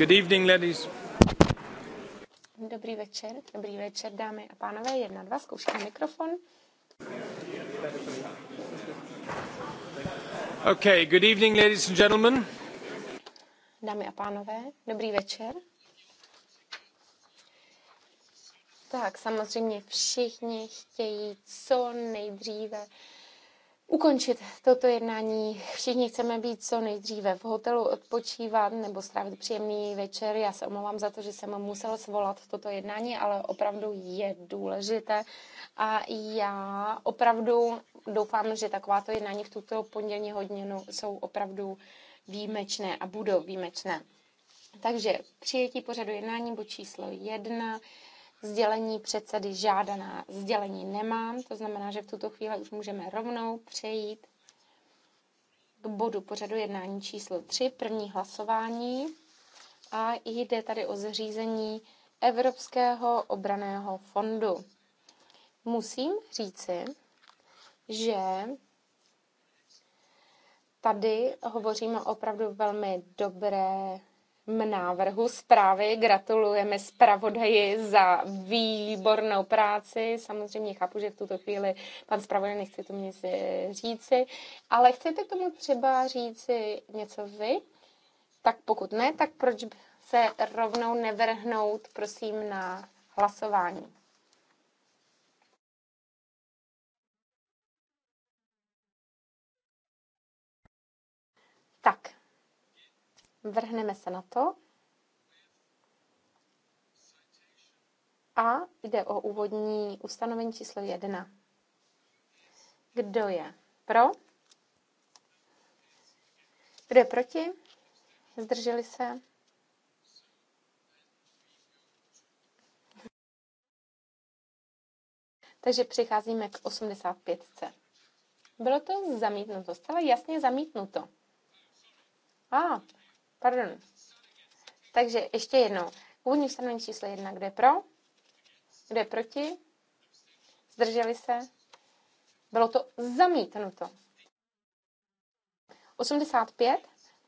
Good evening, ladies. Dobrý večer, dobrý večer, dámy a pánové. Jedna, dva, zkoušíme mikrofon. Okay, good evening, ladies and gentlemen. Dámy a pánové, dobrý večer. Tak, samozřejmě všichni chtějí co nejdříve uh, ukončit toto jednání. Všichni chceme být co nejdříve v hotelu odpočívat nebo strávit příjemný večer. Já se omlouvám za to, že jsem musela svolat toto jednání, ale opravdu je důležité. A já opravdu doufám, že takováto jednání v tuto pondělní hodinu jsou opravdu výjimečné a budou výjimečné. Takže přijetí pořadu jednání bod číslo jedna sdělení předsedy žádaná sdělení nemám, to znamená, že v tuto chvíli už můžeme rovnou přejít k bodu pořadu jednání číslo 3, první hlasování. A jde tady o zřízení Evropského obraného fondu. Musím říci, že tady hovoříme o opravdu velmi dobré návrhu zprávy. Gratulujeme zpravodaji za výbornou práci. Samozřejmě chápu, že v tuto chvíli pan zpravodaj nechce to mě říci, ale chcete tomu třeba říci něco vy? Tak pokud ne, tak proč se rovnou nevrhnout, prosím, na hlasování? Tak, vrhneme se na to a jde o úvodní ustanovení číslo 1. Kdo je pro? Kdo je proti? Zdrželi se? Takže přicházíme k 85. Bylo to zamítnuto, zcela jasně zamítnuto. A, Pardon. Takže ještě jednou. Původní ustanovení číslo jedna. Kdo je pro? Kdo je proti? Zdrželi se? Bylo to zamítnuto. 85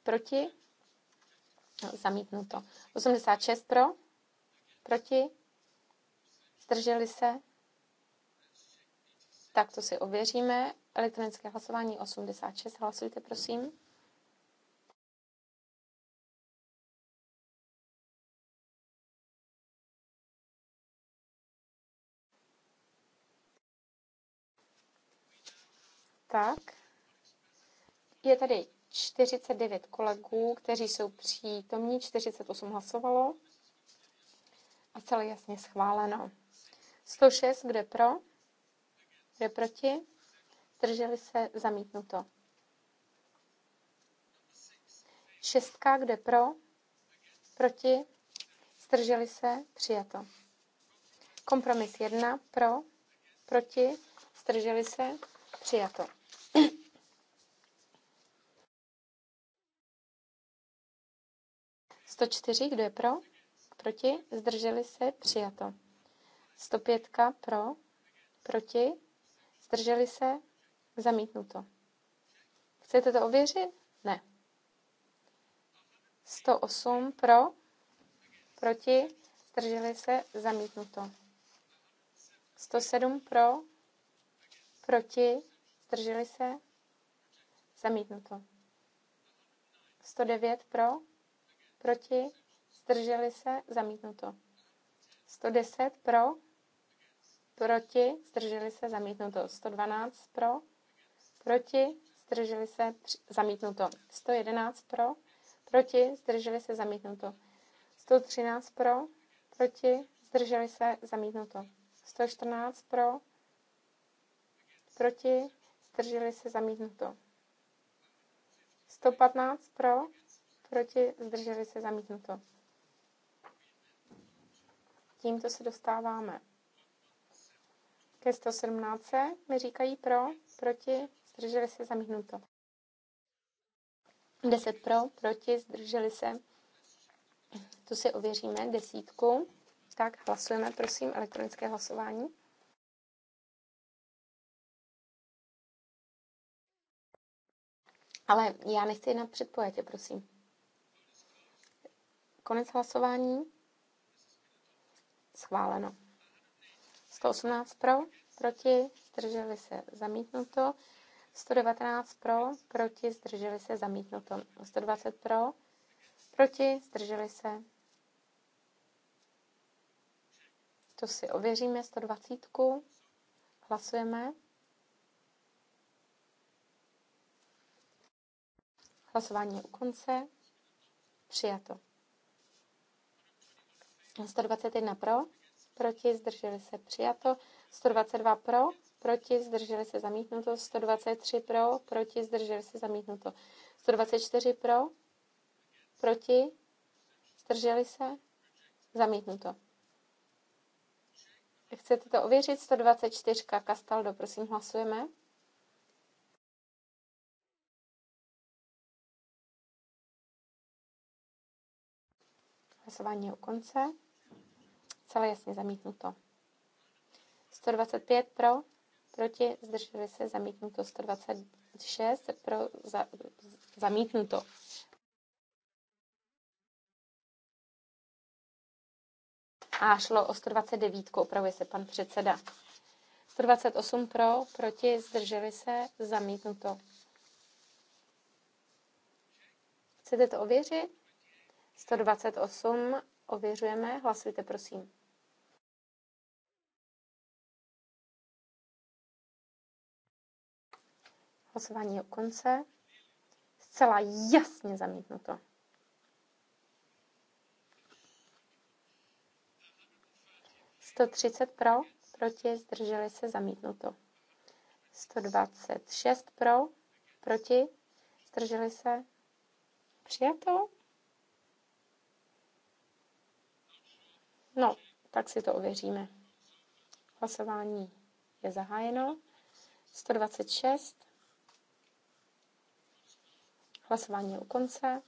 proti? No, zamítnuto. 86 pro? Proti? Zdrželi se? Tak to si ověříme. Elektronické hlasování 86. Hlasujte, prosím. tak je tady 49 kolegů, kteří jsou přítomní, 48 hlasovalo a celé jasně schváleno. 106, kde pro, kde proti, drželi se zamítnuto. Šestka, kde pro, proti, zdrželi se, přijato. Kompromis jedna pro, proti, zdrželi se, přijato. 104, kdo je pro? Proti? Zdrželi se? Přijato. 105 pro? Proti? Zdrželi se? Zamítnuto. Chcete to ověřit? Ne. 108 pro? Proti? Zdrželi se? Zamítnuto. 107 pro? Proti? Zdrželi se? Zamítnuto. 109 pro? proti, zdrželi se, zamítnuto. 110 pro, proti, zdrželi se, zamítnuto. 112 pro, proti, zdrželi se, zamítnuto. 111 pro, proti, zdrželi se, zamítnuto. 113 pro, proti, zdrželi se, zamítnuto. 114 pro, proti, zdrželi se, zamítnuto. 115 pro, proti, zdrželi se zamítnuto. Tímto se dostáváme ke 117. Mi říkají pro, proti, zdrželi se zamítnuto. 10 pro, proti, zdrželi se. Tu si ověříme desítku. Tak hlasujeme, prosím, elektronické hlasování. Ale já nechci na předpojetě, prosím. Konec hlasování. Schváleno. 118 pro, proti, zdrželi se, zamítnuto. 119 pro, proti, zdrželi se, zamítnuto. 120 pro, proti, zdrželi se. To si ověříme, 120. Hlasujeme. Hlasování je u konce. Přijato. 121 pro, proti, zdrželi se přijato, 122 pro, proti, zdrželi se zamítnuto, 123 pro, proti, zdrželi se zamítnuto, 124 pro, proti, zdrželi se, zamítnuto. Chcete to ověřit? 124. Kastaldo, prosím, hlasujeme. Hlasování je u konce. Celé jasně zamítnuto. 125 pro, proti, zdrželi se, zamítnuto. 126 pro, za, zamítnuto. A šlo o 129, opravuje se pan předseda. 128 pro, proti, zdrželi se, zamítnuto. Chcete to ověřit? 128 ověřujeme, hlasujte prosím. Hlasování je u konce. Zcela jasně zamítnuto. Sto třicet pro, proti, zdrželi se zamítnuto. 126 pro, proti, zdrželi se přijato. No, tak si to ověříme. Hlasování je zahájeno. 126. Hlasování je u konce.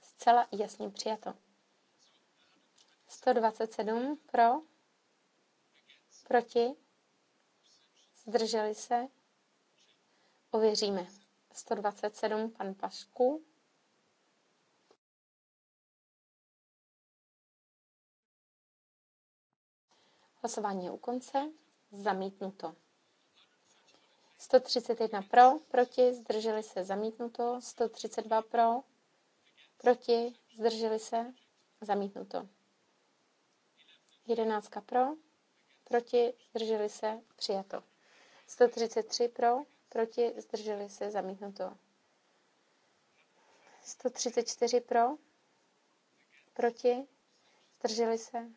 Zcela jasně přijato. 127 pro, proti, zdrželi se, ověříme. 127 pan Pašku. Hlasování je u konce. Zamítnuto. 131 pro, proti, zdrželi se, zamítnuto. 132 pro, proti, zdrželi se, zamítnuto. 11 pro, proti, zdrželi se, přijato. 133 pro, proti, zdrželi se, zamítnuto. 134 pro, proti, zdrželi se,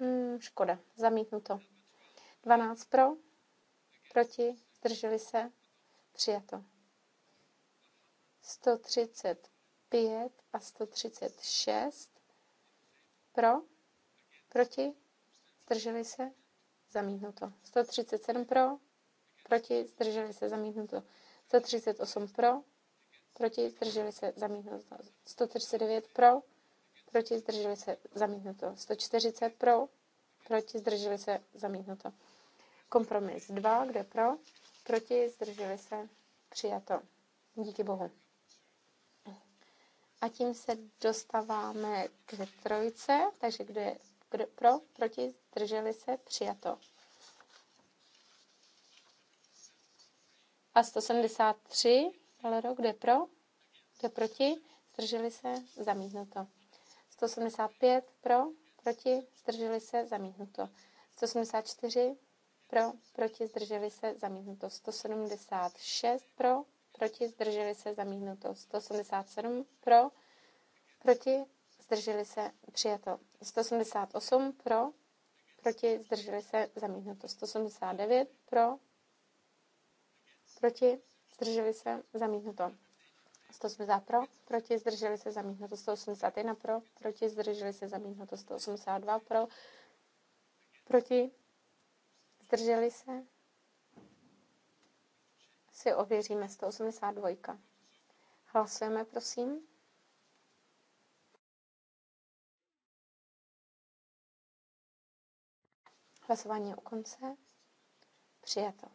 Hmm, škoda, to 12 pro, proti, zdrželi se, přijato. 135 a 136 pro, proti, zdrželi se, zamítnuto. 137 pro, proti, zdrželi se, zamítnuto. 138 pro, proti, zdrželi se, zamítnuto. 139 pro, proti, zdrželi se, zamítnuto. 140 pro, proti, zdrželi se, zamítnuto. Kompromis 2, kde pro, proti, zdrželi se, přijato. Díky bohu. A tím se dostáváme k trojce, takže kdo je kdo, pro, proti, zdrželi se, přijato. A 173, Valero, kde pro, kde proti, zdrželi se, zamítnuto. 175 pro, proti, zdrželi se, zamítnuto. 174 pro, proti, zdrželi se, zamítnuto. 176 pro, proti, zdrželi se, zamítnuto. 177 pro, proti, zdrželi se, přijato. 178 pro, proti, zdrželi se, zamítnuto. 179 pro, proti, zdrželi se, zamítnuto. 180 pro, proti zdrželi se zamítnuto 181 pro, proti zdrželi se zamítnuto 182 pro, proti zdrželi se si ověříme 182. Hlasujeme, prosím. Hlasování je u konce. Přijato.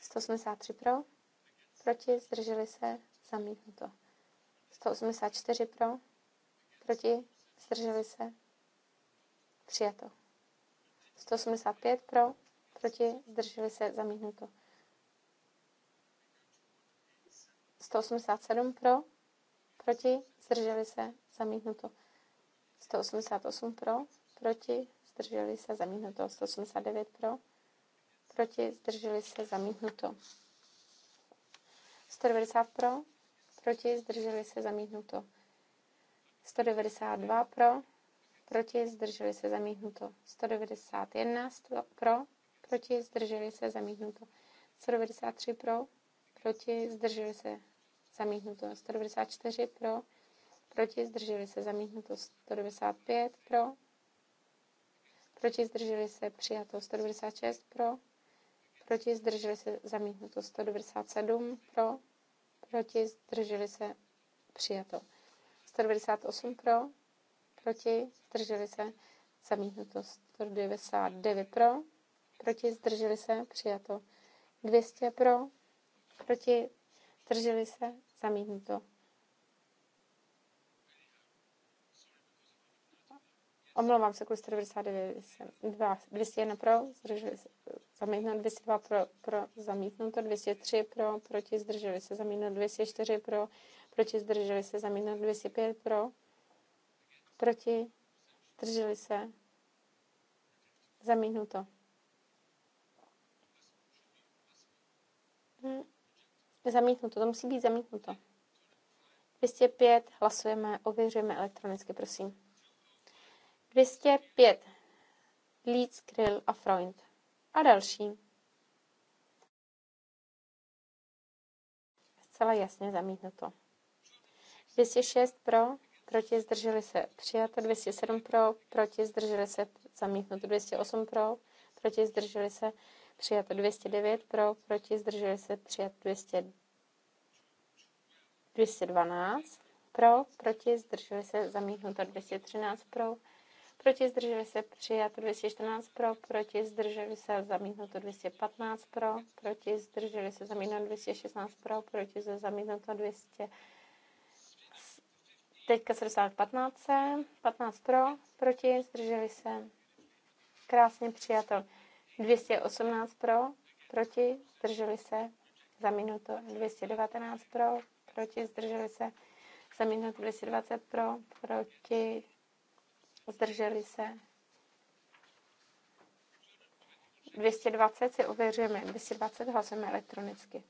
183 pro, proti, zdrželi se, zamítnuto. 184 pro, proti, zdrželi se, přijato. 185 pro, proti, zdrželi se, zamítnuto. 187 pro, proti, zdrželi se, zamítnuto. 188 pro, proti, zdrželi se, zamítnuto. 189 pro, proti, zdrželi se, zamítnuto. 190 pro, proti, zdrželi se zamítnuto. 192 pro, proti, zdrželi se zamítnuto. 191 pro, proti, zdrželi se zamítnuto. 193 pro, proti, zdrželi se zamítnuto. 194 pro, proti, zdrželi se zamítnuto. 195 pro, proti, zdrželi se přijato. 196 pro, proti, zdrželi se zamítnuto 197 pro, proti, zdrželi se přijato 198 pro, proti, zdrželi se zamítnuto 199 pro, proti, zdrželi se přijato 200 pro, proti, zdrželi se zamítnuto Omlouvám se, kus 99, 201 pro, zdrželi se, 202 pro, pro, zamítnuto 203 pro, proti, zdrželi se, zamítnout 204 pro, proti, zdrželi se, zamítnout 205 pro, proti, zdrželi se, zamítnuto. Hm. Zamítnuto, to musí být zamítnuto. 205, hlasujeme, ověřujeme elektronicky, prosím. 205 Leeds, Krill a Freund a další. Zcela jasně zamítnuto. 206 pro, proti zdrželi se přijato, 207 pro, proti zdrželi se zamítnuto, 208 pro, proti zdrželi se přijato, 209 pro, proti zdrželi se přijato, 200, 212 pro, proti zdrželi se zamítnuto, 213 pro, proti zdrželi se přijato 214 pro, proti zdrželi se zamítnuto 215 pro, proti zdrželi se zamítnuto 216 pro, proti se zamítnuto 200 Teďka se dostává k 15, 15 pro, proti, zdrželi se. Krásně přijato. 218 pro, proti, zdrželi se. Za minutu 219 pro, proti, zdrželi se. Za minutu 220 pro, proti, zdrželi se. 220 si ověřujeme, 220 hlasujeme elektronicky.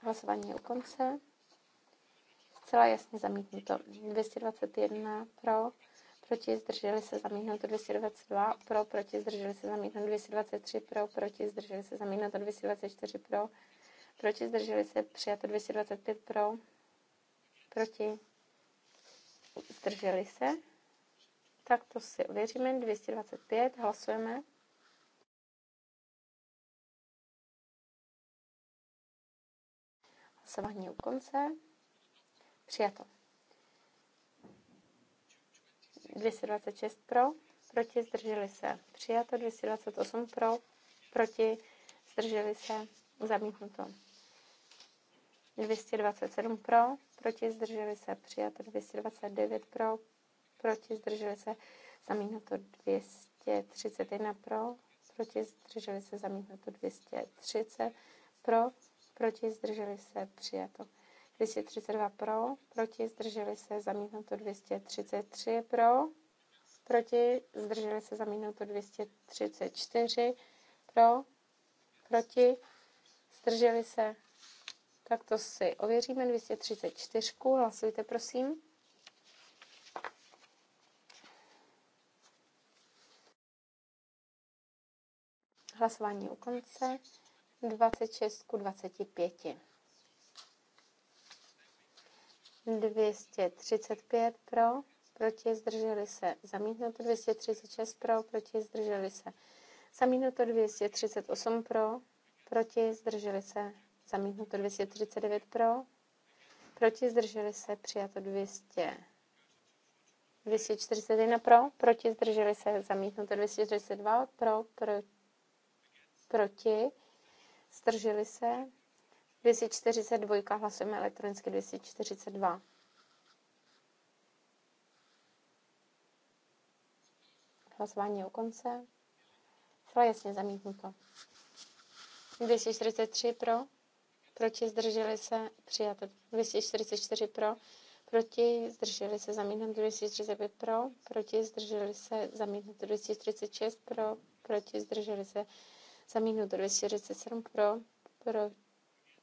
Hlasování je u konce. Zcela jasně zamítnuto. 221 pro, proti zdrželi se zamítnuto 222 pro, proti zdrželi se zamítnuto 223 pro, proti zdrželi se zamítnuto 224 pro, proti zdrželi se přijato 225 pro, proti, zdrželi se. Tak to si ověříme, 225, hlasujeme. Hlasování u konce. Přijato. 226 pro, proti, zdrželi se. Přijato 228 pro, proti, zdrželi se. Zamítnuto. 227 pro, proti, zdrželi se, přijato 229 pro, proti, zdrželi se, zamítnuto 231 pro, proti, zdrželi se, zamítnuto 230 pro, proti, zdrželi se, přijato 232 pro, proti, zdrželi se, zamítnuto 233 pro, proti, zdrželi se, zamítnuto 234 pro, proti, zdrželi se, tak to si ověříme. 234. Hlasujte, prosím. Hlasování u konce. 26 ku 25. 235 pro, proti zdrželi se zamítnuto, 236 pro, proti zdrželi se zamítnuto, 238 pro, proti zdrželi se Zamítnuto 239 pro. Proti zdrželi se přijato 200. 241 pro, proti zdrželi se zamítnuto 232 pro, pro proti zdrželi se 242, hlasujeme elektronicky 242. Hlasování je u konce. Celé jasně zamítnuto. 243 pro, proti, zdrželi se, přijato 244 pro, proti, zdrželi se, zamítnuto 235 pro, proti, zdrželi se, zamítnuto 236 pro, proti, zdrželi se, zamítnuto 247 pro, pro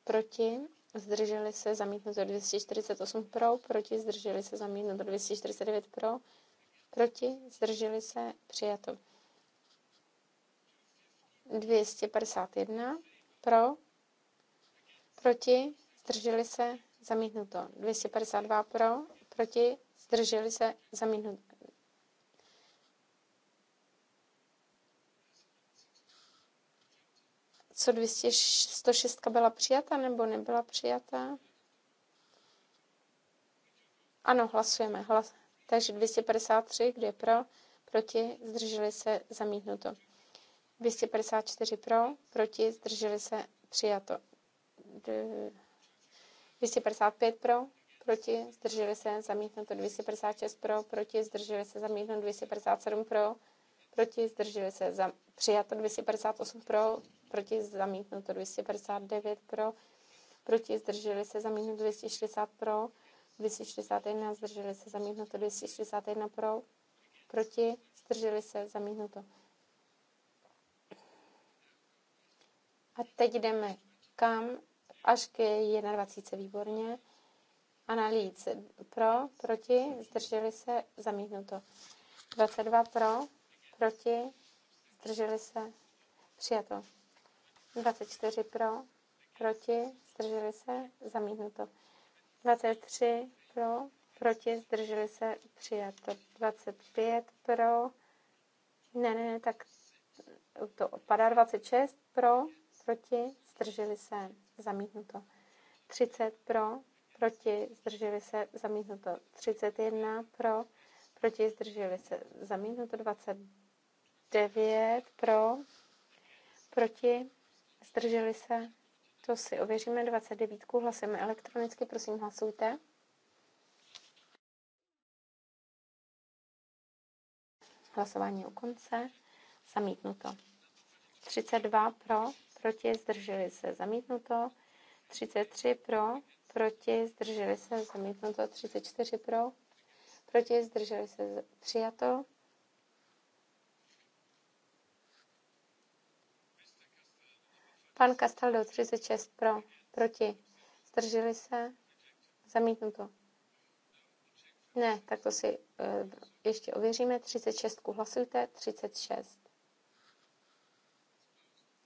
proti, zdrželi se, zamítnuto 248 pro, proti, zdrželi se, zamítnuto 249 pro, proti, zdrželi se, přijato 251 pro, proti, zdrželi se, zamítnuto. 252 pro, proti, zdrželi se, zamítnuto. Co 206 byla přijata nebo nebyla přijata? Ano, hlasujeme. Hlas... Takže 253, kde je pro, proti, zdrželi se, zamítnuto. 254 pro, proti, zdrželi se, přijato. 255 pro, proti, zdrželi se, zamítnuto 256 pro, proti, zdrželi se, zamítnuto 257 pro, proti, zdrželi se, za, přijato 258 pro, proti, zamítnuto 259 pro, proti, zdrželi se, zamítnuto 260 pro, 261, zdrželi se, zamítnuto 261 pro, proti, zdrželi se, zamítnuto. A teď jdeme kam? až k 21. Výborně. Analýz pro, proti, zdrželi se, zamítnuto. 22 pro, proti, zdrželi se, přijato. 24 pro, proti, zdrželi se, zamítnuto. 23 pro, proti, zdrželi se, přijato. 25 pro, ne, ne, ne, tak to odpadá. 26 pro, proti, zdrželi se, zamítnuto. 30 pro, proti, zdrželi se, zamítnuto. 31 pro, proti, zdrželi se, zamítnuto. 29 pro, proti, zdrželi se, to si ověříme 29. Hlasujeme elektronicky, prosím hlasujte. Hlasování u konce. Zamítnuto. 32 pro, proti, zdrželi se, zamítnuto. 33 pro, proti, zdrželi se, zamítnuto. 34 pro, proti, zdrželi se, přijato. Pan Castaldo 36 pro, proti, zdrželi se, zamítnuto. Ne, tak to si uh, ještě ověříme. 36 hlasujte, 36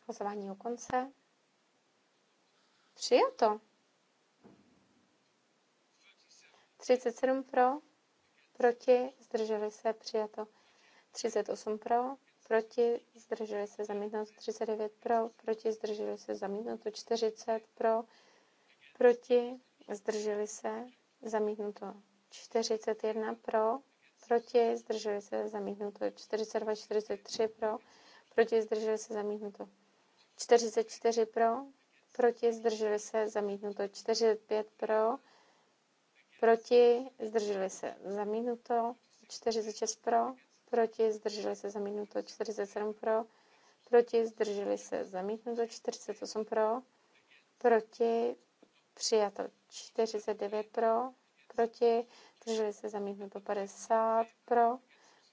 pozvání u konce. Přijato. 37 pro, proti, zdrželi se, přijato. 38 pro, proti, zdrželi se, zamítnout. 39 pro, proti, zdrželi se, zamítnout. 40 pro, proti, zdrželi se, zamítnuto. 41 pro, proti, zdrželi se, zamítnuto. 42, 43 pro, proti, zdrželi se, zamítnuto. 44 pro, proti, zdrželi se, zamítnuto. 45 pro, proti, zdrželi se, zamítnuto. 46 pro, proti, zdrželi se, zamítnuto. 47 pro, proti, zdrželi se, zamítnuto. 48 pro, proti, přijato. 49 pro, proti, zdrželi se, zamítnuto. 50 pro,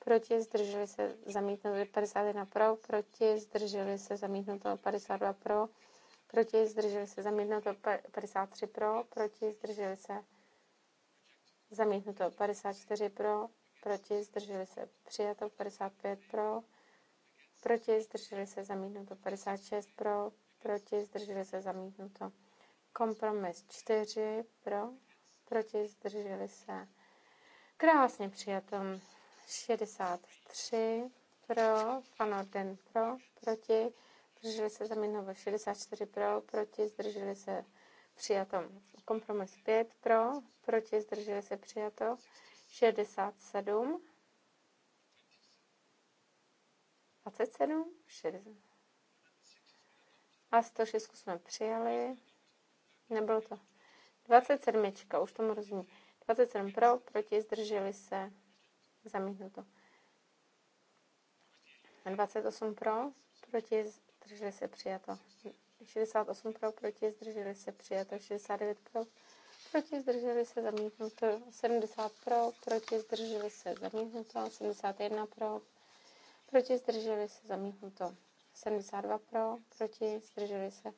proti, zdrželi se zamítnuto 51 pro, proti, zdrželi se zamítnuto 52 pro, proti, zdrželi se zamítnuto 53 pro, proti, zdrželi se zamítnuto 54 pro, proti, zdrželi se přijato 55 pro, proti, zdrželi se zamítnuto 56 pro, proti, zdrželi se zamítnuto kompromis 4 pro, proti, zdrželi se krásně přijato 63 pro, ano, den pro, proti, zdrželi se za zamítnuto 64 pro, proti, zdrželi se přijato. Kompromis 5 pro, proti, zdrželi se přijato 67. 27, 60. A 106 jsme přijali. Nebylo to. 27, už tomu rozumím. 27 pro, proti, zdrželi se Zamítnuto. 28 pro, proti, zdrželi se přijato. 68 pro, proti, zdrželi se přijato. 69 pro, proti, zdrželi se zamítnuto. 70 pro, proti, zdrželi se zamítnuto. 71 pro, proti, zdrželi se zamítnuto. 72 pro, proti, zdrželi se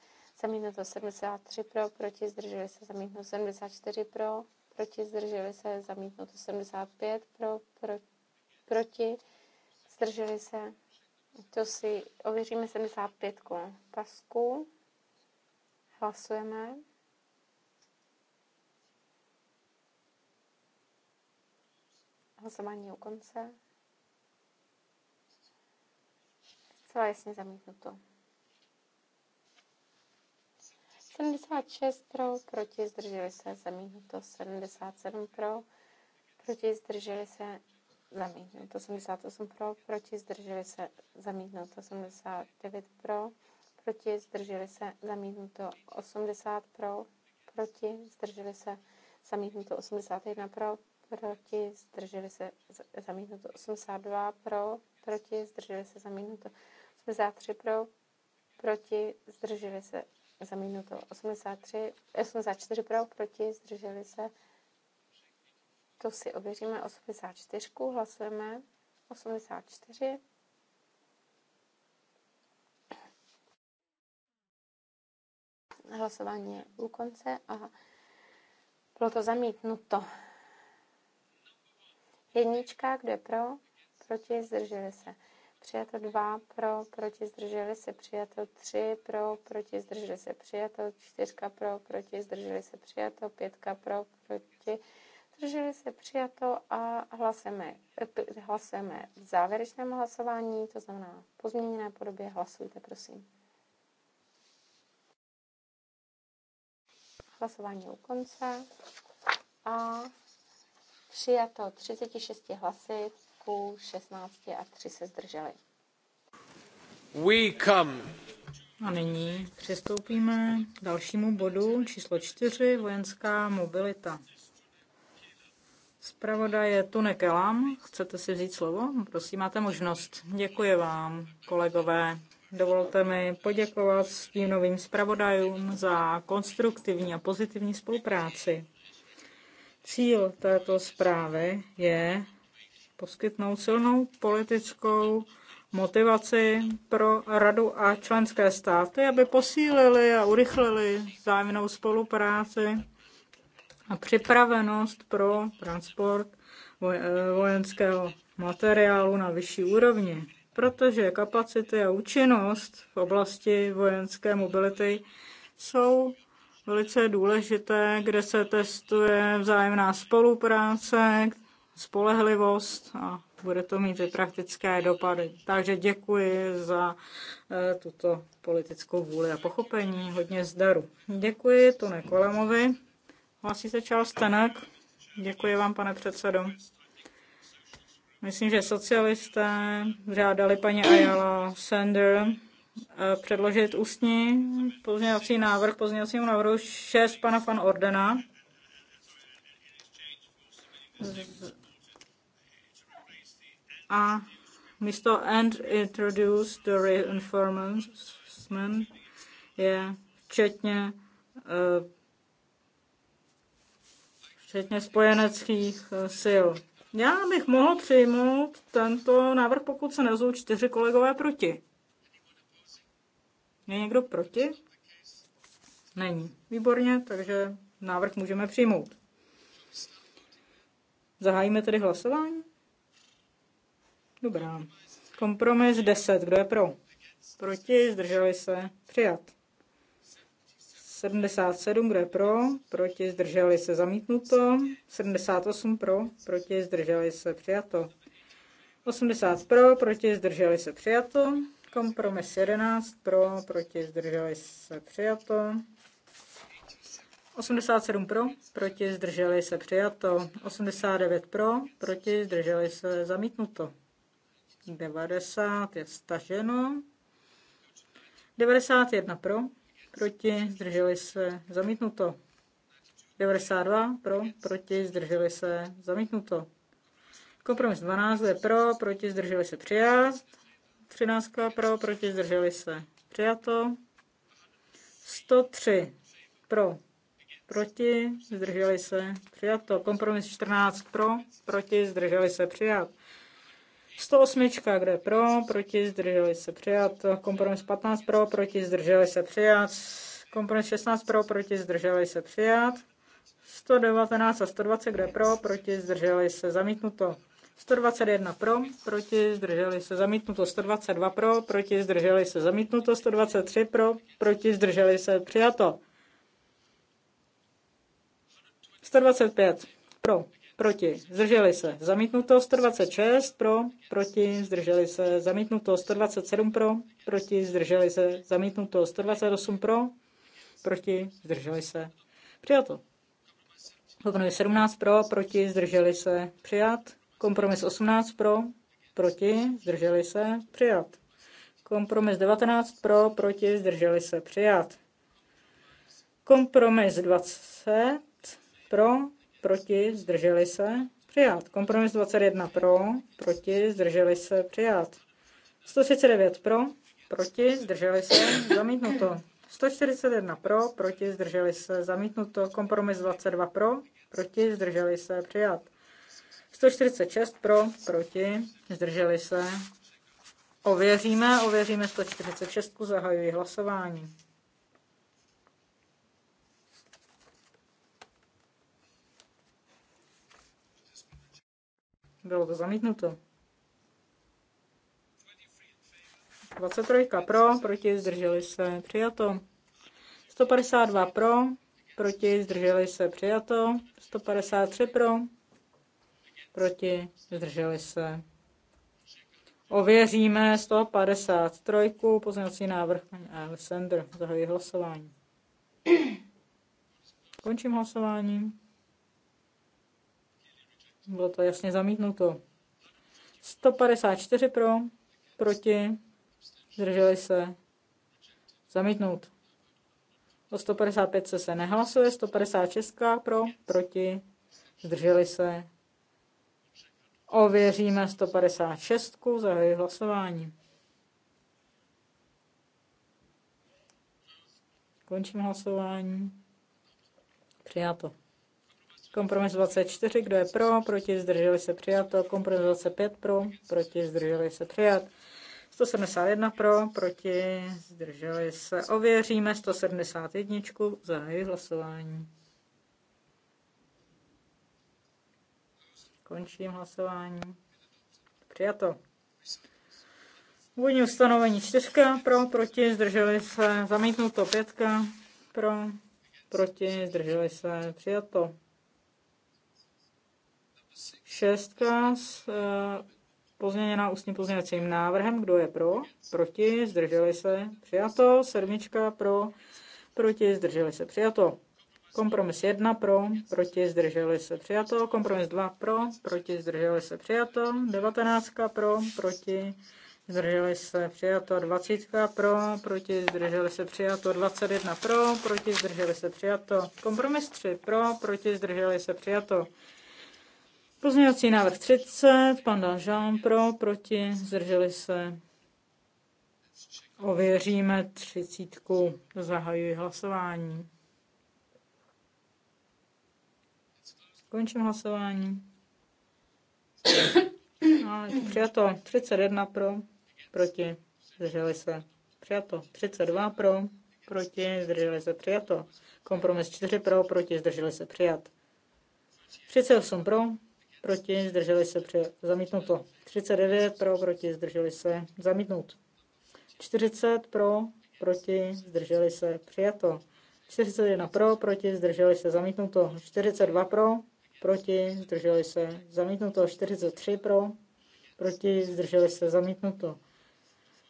zamítnuto. 73 pro, proti, zdrželi se zamítnuto. 74 pro, proti, zdrželi se, zamítnout 75 pro, pro, proti, zdrželi se, to si ověříme 75 pasku, hlasujeme. Hlasování u konce. Celá jasně zamítnuto. 76 pro, proti zdrželi se, zamítnuto 77 pro, proti zdrželi se, zamítnuto 78 pro, proti zdrželi se, zamítnuto 79 pro, proti zdrželi se, zamítnuto 80 pro, proti zdrželi se, zamítnuto 81 pro, proti zdrželi se, zamítnuto 82 pro, proti zdrželi se, zamítnuto 83 pro, proti zdrželi se, minutu 83, 84 pro, proti, zdrželi se. To si ověříme 84, hlasujeme 84. Hlasování je u konce a bylo to zamítnuto. Jednička, kdo je pro, proti, zdrželi se přijato 2 pro, proti zdrželi se přijato 3 pro, proti zdrželi se přijato 4 pro, proti zdrželi se přijato 5 pro, proti zdrželi se přijato a hlasujeme, hlasujeme v závěrečném hlasování, to znamená v pozměněné podobě, hlasujte prosím. Hlasování u konce a přijato 36 hlasy, proti, 16 a 3 se zdrželi. We come. A nyní přistoupíme k dalšímu bodu číslo 4, vojenská mobilita. Zpravoda je Tune Kelam. Chcete si vzít slovo? Prosím, máte možnost. Děkuji vám, kolegové. Dovolte mi poděkovat svým novým zpravodajům za konstruktivní a pozitivní spolupráci. Cíl této zprávy je poskytnout silnou politickou motivaci pro radu a členské státy, aby posílili a urychlili zájemnou spolupráci a připravenost pro transport vojenského materiálu na vyšší úrovni, protože kapacity a účinnost v oblasti vojenské mobility jsou velice důležité, kde se testuje vzájemná spolupráce, spolehlivost a bude to mít i praktické dopady. Takže děkuji za eh, tuto politickou vůli a pochopení. Hodně zdaru. Děkuji Tone Kolemovi. Hlasí se Charles Tenek. Děkuji vám, pane předsedo. Myslím, že socialisté žádali paní Ayala Sender eh, předložit ústní pozměňovací návrh pozměňovacímu návrhu 6 pana Fan Ordena a místo and introduce the reinforcement je včetně eh, včetně spojeneckých eh, sil. Já bych mohl přijmout tento návrh, pokud se nezou čtyři kolegové proti. Je někdo proti? Není. Výborně, takže návrh můžeme přijmout. Zahájíme tedy hlasování. Dobrá. Kompromis 10. Kdo je pro? Proti, zdrželi se. Přijat. 77, kdo je pro? Proti, zdrželi se. Zamítnuto. 78 pro, proti, zdrželi se. Přijato. 80 pro, proti, zdrželi se. Přijato. Kompromis 11 pro, proti, zdrželi se. Přijato. 87 pro, proti, zdrželi se. Přijato. 89 pro, proti, zdrželi se. Zamítnuto. 90 je staženo. 91 pro, proti, zdrželi se, zamítnuto. 92 pro, proti, zdrželi se, zamítnuto. Kompromis 12 je pro, proti, zdrželi se, přijat. 13 pro, proti, zdrželi se, přijato. 103 pro, proti, zdrželi se, přijato. Kompromis 14 pro, proti, zdrželi se, přijat. 108, kde je pro, proti, zdrželi se přijat. Kompromis 15 pro, proti, zdrželi se přijat. Kompromis 16 pro, proti, zdrželi se přijat. 119 a 120, kde pro, proti, zdrželi se zamítnuto. 121 pro, proti, zdrželi se zamítnuto. 122 pro, proti, zdrželi se zamítnuto. 123 pro, proti, zdrželi se přijato. 125 pro, proti, zdrželi se, zamítnuto 126 pro, proti, zdrželi se, zamítnuto 127 pro, proti, zdrželi se, zamítnuto 128 pro, proti, zdrželi se, přijato. Kompromis 17 pro, proti, zdrželi se, přijat. Kompromis 18 pro, proti, zdrželi se, přijat. Kompromis 19 pro, proti, zdrželi se, přijat. Kompromis 20 pro, proti, zdrželi se, přijat. Kompromis 21 pro, proti, zdrželi se, přijat. 139 pro, proti, zdrželi se, zamítnuto. 141 pro, proti, zdrželi se, zamítnuto. Kompromis 22 pro, proti, zdrželi se, přijat. 146 pro, proti, zdrželi se. Ověříme, ověříme 146, zahajuji hlasování. Bylo to zamítnuto. 23 pro, proti zdrželi se, přijato. 152 pro, proti zdrželi se, přijato. 153 pro, proti zdrželi se. Ověříme 153, pozměňovací návrh Sender, Alexander. hlasování. Končím hlasování. Bylo to jasně zamítnuto. 154 pro, proti, zdrželi se, zamítnout. O 155 se, se nehlasuje, 156 pro, proti, zdrželi se. Ověříme 156, zahajuji hlasování. Končím hlasování. Přijato. Kompromis 24, kdo je pro, proti, zdrželi se přijato. Kompromis 25 pro, proti, zdrželi se přijat. 171 pro, proti, zdrželi se. Ověříme 171, zahajuji hlasování. Končím hlasování. Přijato. Úvodní ustanovení čtyřka pro, proti, zdrželi se, zamítnuto 5 pro, proti, zdrželi se, přijato. Šestka s eh, pozměněná ústní pozměňovacím návrhem. Kdo je pro? Proti? Zdrželi se? Přijato. Sedmička pro? Proti? Zdrželi se? Přijato. Kompromis 1 pro, proti zdrželi se přijato. Kompromis 2 pro, proti zdrželi se přijato. 19 pro, proti zdrželi se přijato. 20 pro, proti zdrželi se přijato. 21 pro, proti zdrželi se přijato. Kompromis 3 pro, proti zdrželi se přijato. Pozměňovací návrh 30, pan Danžán pro, proti, zdrželi se. Ověříme třicítku, zahajuji hlasování. Končím hlasování. A no, přijato 31 pro, proti, zdrželi se. Přijato 32 pro, proti, zdrželi se. Přijato. Kompromis 4 pro, proti, zdrželi se. Přijat. 38 pro, proti, zdrželi se přijat. Zamítnuto. 39 pro, proti, zdrželi se. Zamítnut. 40 pro, proti, zdrželi se. Přijato. 41 pro, proti, zdrželi se. Zamítnuto. 42 pro, proti, zdrželi se. Zamítnuto. 43 pro, proti, zdrželi se. Zamítnuto.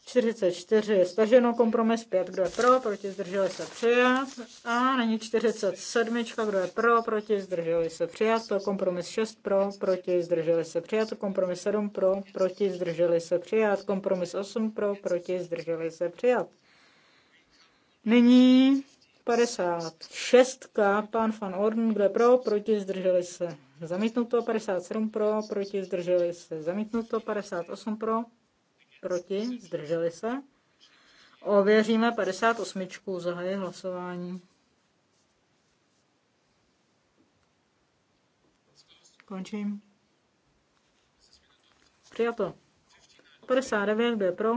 44 je staženo, kompromis 5, kdo je pro, proti zdrželi se přijat. A není 47, kdo je pro, proti zdrželi se přijat. To kompromis 6 pro, proti zdrželi se přijat. Kompromis 7 pro, proti zdrželi se přijat. Kompromis 8 pro, proti zdrželi se přijat. Nyní 56, pan Van Orden, je pro, proti zdrželi se zamítnuto. 57 pro, proti zdrželi se zamítnuto. 58 pro, proti, zdrželi se. Ověříme 58. Zahajuji hlasování. Končím. Přijato. 59, kdo je pro,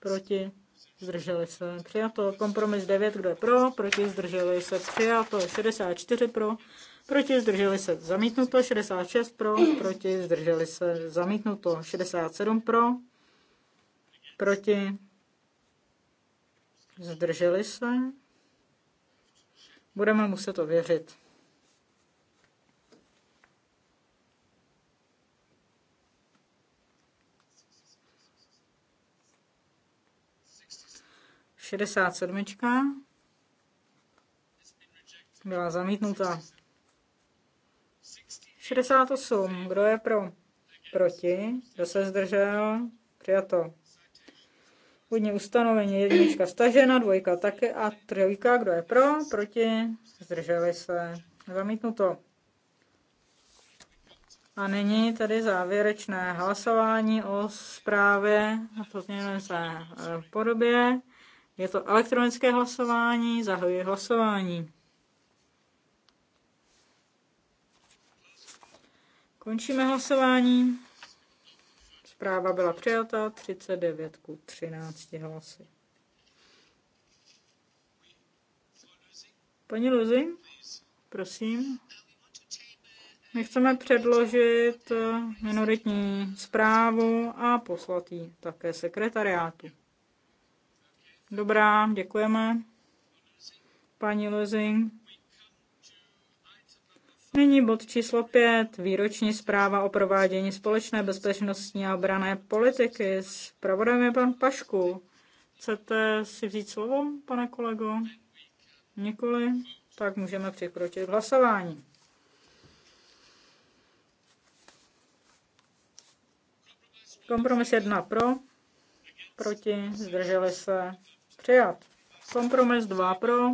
proti, zdrželi se. Přijato. Kompromis 9, kdo je pro, proti, zdrželi se. Přijato. 64 pro, proti, zdrželi se. Zamítnuto. 66 pro, proti, zdrželi se. Zamítnuto. 67 pro, Proti? Zdrželi se? Budeme muset ověřit. Šedesát sedmička byla zamítnuta. 68. Kdo je pro? Proti? Kdo se zdržel? Přijato. Původní ustanovení jednička stažena, dvojka také a trojka, kdo je pro, proti, zdrželi se, zamítnuto. A nyní tady závěrečné hlasování o zprávě to pozměněné se eh, podobě. Je to elektronické hlasování, zahajuji hlasování. Končíme hlasování. Zpráva byla přijata 39 ku 13 hlasy. Paní Luzi, prosím. My chceme předložit eh, minoritní zprávu a poslat ji také sekretariátu. Dobrá, děkujeme. Paní Lozing, Nyní bod číslo 5. Výroční zpráva o provádění společné bezpečnostní a obrané politiky. Zpravodajem je pan Pašku. Chcete si vzít slovo, pane kolego? Nikoli? Tak můžeme překročit hlasování. Kompromis 1 pro, proti, zdrželi se, přijat. Kompromis 2 pro,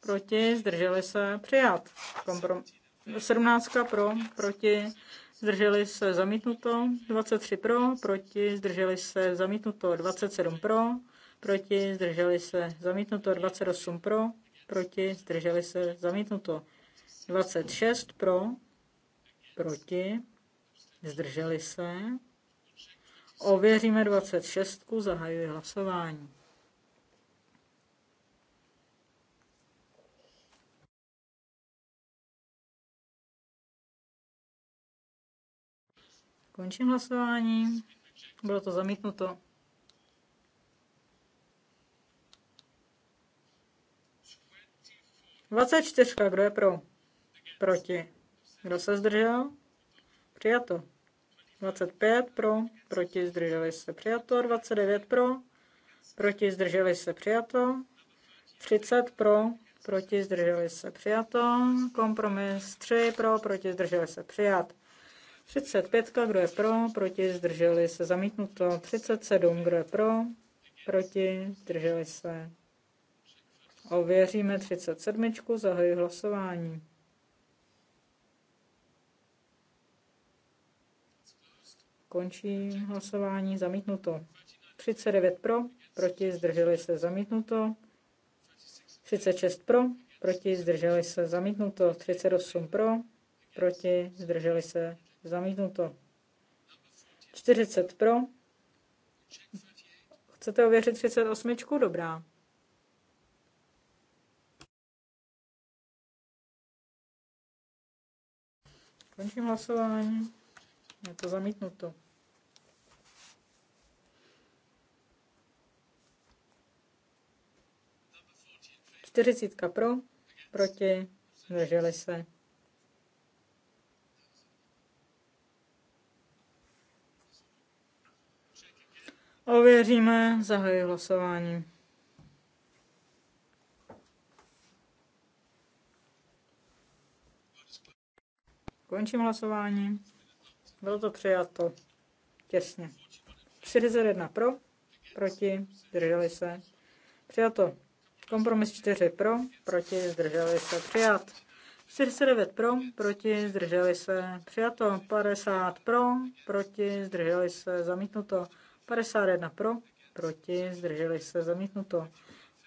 proti, zdrželi se, přijat. Komprom- 17 pro, proti, zdrželi se zamítnuto. 23 pro, proti, zdrželi se zamítnuto. 27 pro, proti, zdrželi se zamítnuto. 28 pro, proti, zdrželi se zamítnuto. 26 pro, proti, zdrželi se. Ověříme 26, zahajuji hlasování. Končím hlasování. Bylo to zamítnuto. Dvacet čtyřka, kdo je pro? Proti. Kdo se zdržel? Přijato. 25 pro, proti zdrželi se přijato, 29 pro, proti zdrželi se přijato, 30 pro, proti zdrželi se přijato, kompromis 3 pro, proti zdrželi se přijato. 35, kdo je pro, proti, zdrželi se, zamítnuto. 37, kdo je pro, proti, zdrželi se. Ověříme 37, zahajuji hlasování. Končím hlasování, zamítnuto. 39 pro, proti, zdrželi se, zamítnuto. 36 pro, proti, zdrželi se, zamítnuto. 38 pro, proti, zdrželi se, Zamítnuto. 40 pro. Chcete ověřit 38? Dobrá. Končím hlasování. Je to zamítnuto. Čtyřicítka pro, proti, zdrželi se. Ověříme, zahají hlasování. Končím hlasování. Bylo to přijato těsně. 41 pro, proti, zdrželi se. Přijato. Kompromis 4 pro, proti, zdrželi se. Přijat. 49 pro, proti, zdrželi se. Přijato. 50 pro, proti, zdrželi se. Zamítnuto. 51 pro, proti, zdrželi se, zamítnuto.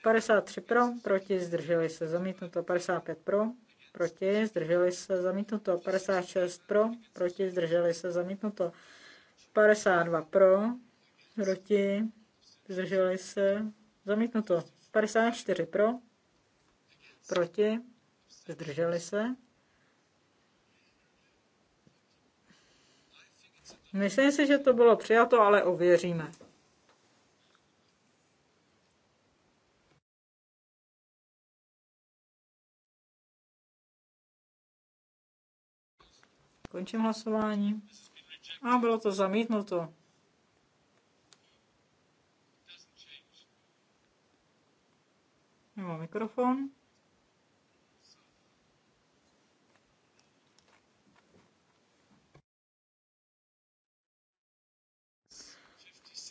53 pro, proti, zdrželi se, zamítnuto. 55 pro, proti, zdrželi se, zamítnuto. 56 pro, proti, zdrželi se, zamítnuto. 52 pro, proti, zdrželi se, zamítnuto. 54 pro, proti, zdrželi se, Myslím si, že to bylo přijato, ale ověříme. Končím hlasování. A bylo to zamítnuto. Mimo mikrofon.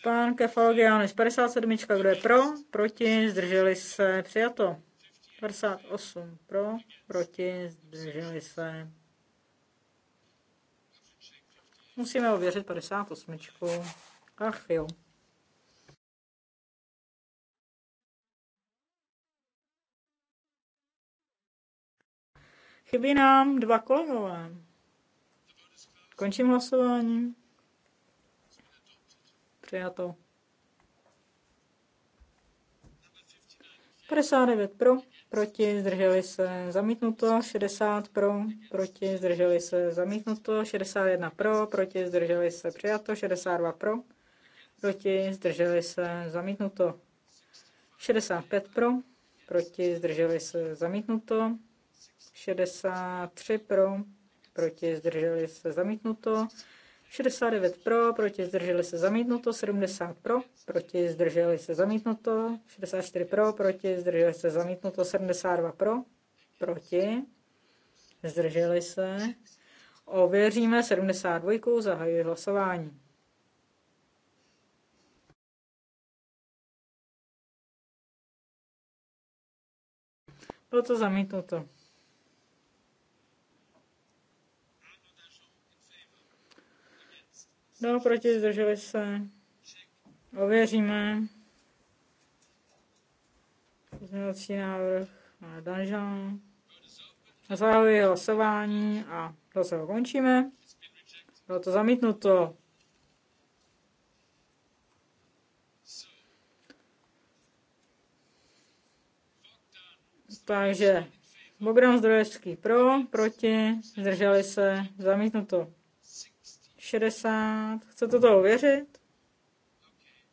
Pan Kefalogianis 57. Kdo je pro? Proti? Zdrželi se? Přijato. 58 pro, proti, zdrželi se. Musíme ověřit 58. Ach jo. Chybí nám dva kolegové. Končím hlasování. Přijato. 59 pro, proti, zdrželi se, zamítnuto, 60 pro, proti, zdrželi se, zamítnuto, 61 pro, proti, zdrželi se, přijato, 62 pro, proti, zdrželi se, zamítnuto, 65 pro, proti, zdrželi se, zamítnuto, 63 pro, proti, zdrželi se, zamítnuto, 69 pro, proti zdrželi se zamítnuto, 70 pro, proti zdrželi se zamítnuto, 64 pro, proti zdrželi se zamítnuto, 72 pro, proti zdrželi se. Ověříme 72, zahajuji hlasování. Bylo to zamítnuto. No proti zdrželi se? Ověříme. Pozměnovací návrh na dungeon. Zahajuji hlasování a zase ho končíme. Bylo to zamítnuto. Takže Bogdan Zdrojevský pro, proti, zdrželi se, zamítnuto. 60. Chcete to ověřit?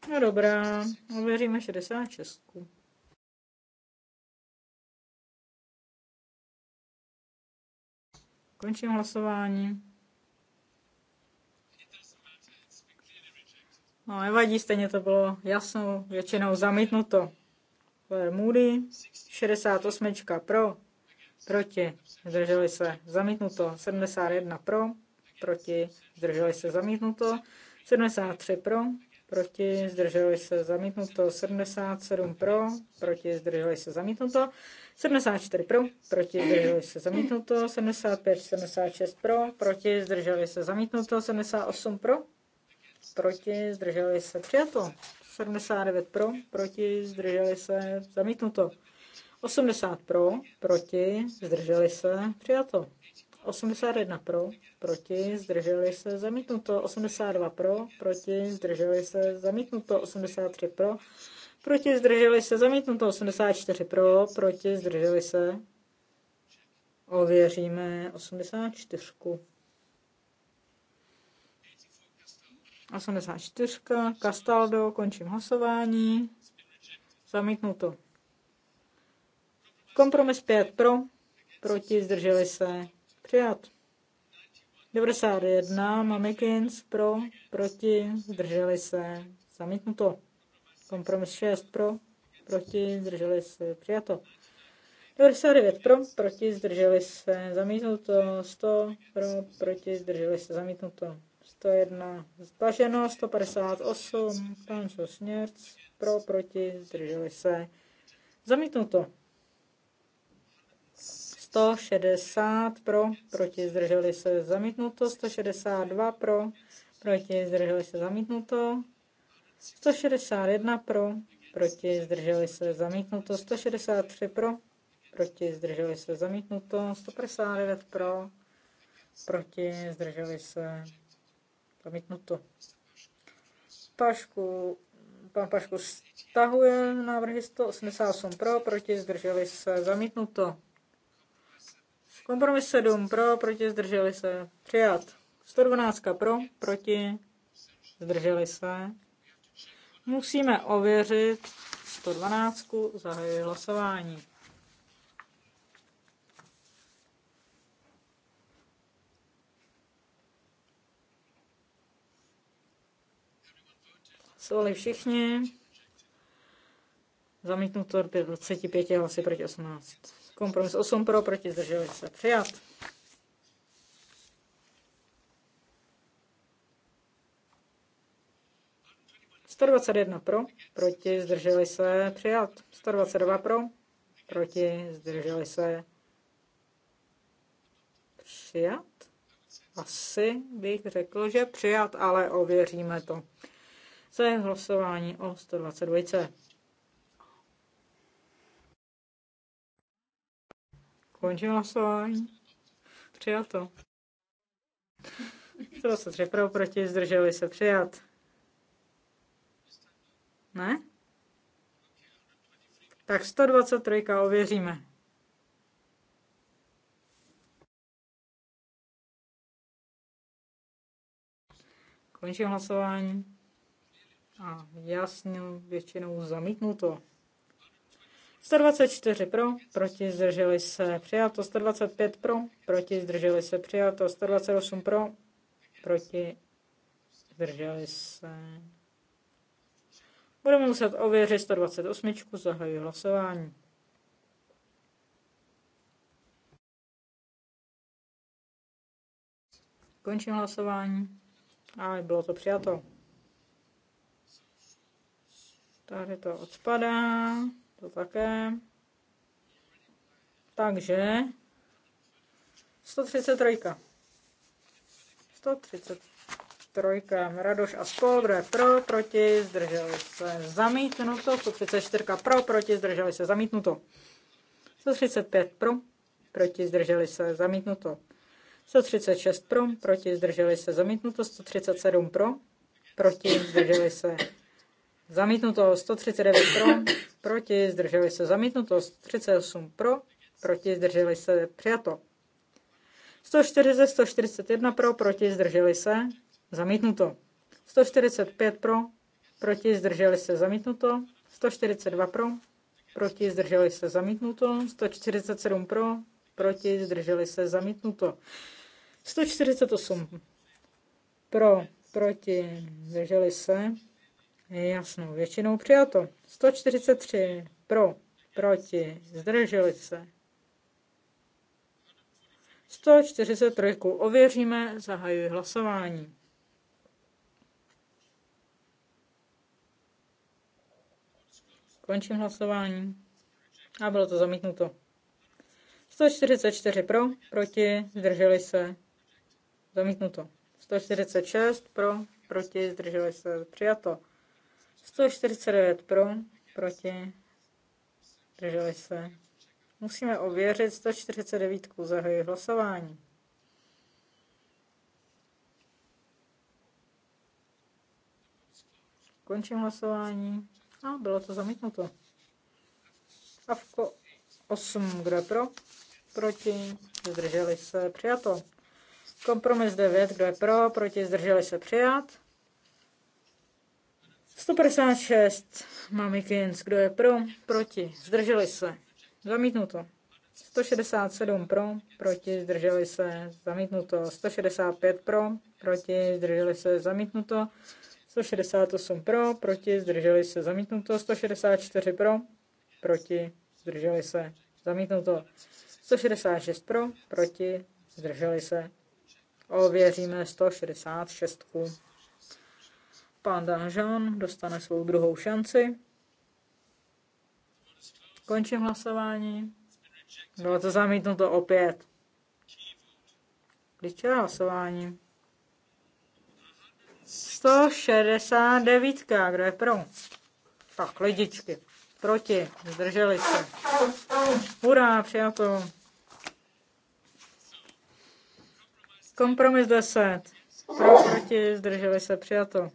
No dobrá, ověříme 66. Končím hlasování. No, nevadí, stejně to bylo jasnou většinou zamítnuto. Claire Moody, 68 pro, proti, zdrželi se, zamítnuto, 71 pro, proti, zdrželi se zamítnuto, 73 pro, proti, zdrželi se zamítnuto, 77 pro, proti, zdrželi se zamítnuto, 74 pro, proti, zdrželi se zamítnuto, 75, 76 pro, proti, zdrželi se zamítnuto, 78 pro, proti, zdrželi se přijato, 79 pro, proti, zdrželi se zamítnuto, 80 pro, proti, zdrželi se přijato. 81 pro, proti, zdrželi se, zamítnuto. 82 pro, proti, zdrželi se, zamítnuto. 83 pro, proti, zdrželi se, zamítnuto. 84 pro, proti, zdrželi se. Ověříme 84. 84. Castaldo, končím hlasování. Zamítnuto. Kompromis 5 pro, proti, zdrželi se, Přijat. 91. Mamikins pro, proti, zdrželi se. Zamítnuto. Kompromis 6 pro, proti, zdrželi se. Přijato. 99 pro, proti, zdrželi se. Zamítnuto. 100 pro, proti, zdrželi se. Zamítnuto. 101 zbaženo, 158, Franco Směrc, pro, proti, zdrželi se. Zamítnuto. 160 pro, proti zdrželi se zamítnuto, 162 pro, proti zdrželi se zamítnuto, 161 pro, proti zdrželi se zamítnuto, 163 pro, proti zdrželi se zamítnuto, 159 pro, proti zdrželi se zamítnuto. Pašku, pan Pašku stahuje návrhy 188 pro, proti zdrželi se zamítnuto. Kompromis 7 pro, proti, zdrželi se. Přijat. 112 pro, proti, zdrželi se. Musíme ověřit 112. Zahajuji hlasování. Hlasovali všichni. Zamítnuto 25 hlasy proti 18. Kompromis 8 pro, proti zdrželi se přijat. jedna pro, proti zdrželi se přijat. 122 pro, proti zdrželi se přijat. Asi bych řekl, že přijat, ale ověříme to. Co je hlasování o 122? Končí hlasování. Přijato. 23 pro, proti, zdrželi se přijat. Ne? Tak 123 ověříme. Končím hlasování. A jasně většinou zamítnuto. 124 pro, proti zdrželi se přijato, 125 pro, proti zdrželi se přijato, 128 pro, proti zdrželi se. Budeme muset ověřit 128, zahajuji hlasování. Končím hlasování. A bylo to přijato. Tady to odpadá. To také. Takže 133. 133. Radoš a spol, kdo je pro, proti, zdrželi se, zamítnuto. 134. Pro, proti, zdrželi se, zamítnuto. 135. Pro, proti, zdrželi se, zamítnuto. 136 pro, proti, zdrželi se, zamítnuto, 137 pro, proti, zdrželi se, Zamítnuto 139 pro, proti, zdrželi se. Zamítnuto 138 pro, proti, zdrželi se. Přijato. 140, 141 pro, proti, zdrželi se. Zamítnuto. 145 pro, proti, zdrželi se. Zamítnuto. 142 pro, proti, zdrželi se. Zamítnuto. 147 pro, proti, zdrželi se. Zamítnuto. 148 pro, proti, zdrželi se. Jasno, většinou přijato. 143 pro, proti, zdrželi se. 143 ověříme, zahajuji hlasování. Končím hlasování. A bylo to zamítnuto. 144 pro, proti, zdrželi se. Zamítnuto. 146 pro, proti, zdrželi se. Přijato. 149 pro, proti, drželi se. Musíme ověřit 149. Zahajuji hlasování. Končím hlasování. A bylo to zamítnuto. Avko 8, kdo je pro? Proti, zdrželi se, přijato. Kompromis 9, kdo je pro? Proti, zdrželi se, přijat. 156. Kins, Kdo je pro? Proti. Zdrželi se. Zamítnuto. 167 pro, proti, zdrželi se, zamítnuto. 165 pro, proti, zdrželi se, zamítnuto. 168 pro, proti, zdrželi se, zamítnuto. 164 pro, proti, zdrželi se, zamítnuto. 166 pro, proti, zdrželi se. Ověříme 166. Pán Danžan dostane svou druhou šanci. Končím hlasování. Bylo to zamítnuto opět. Klíčové hlasování. 169. Kdo je pro? Tak, lidičky. Proti. Zdrželi se. Hurá, přijato. Kompromis 10. Pro, proti, zdrželi se, přijato.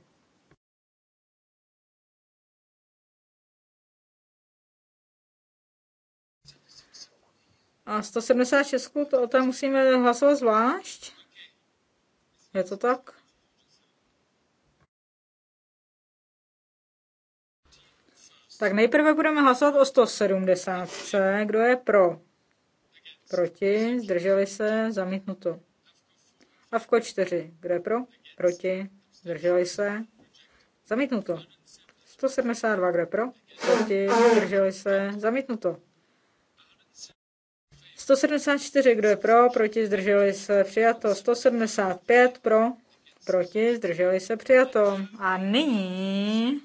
A 176, to o té musíme hlasovat zvlášť? Je to tak? Tak nejprve budeme hlasovat o 170. Kdo je pro? Proti? Zdrželi se? Zamítnuto. A v 4. Kdo je pro? Proti? Zdrželi se? Zamítnuto. 172. Kdo je pro? Proti? Zdrželi se? Zamítnuto. 174, kdo je pro, proti, zdrželi se, přijato. 175 pro, proti, zdrželi se, přijato. A nyní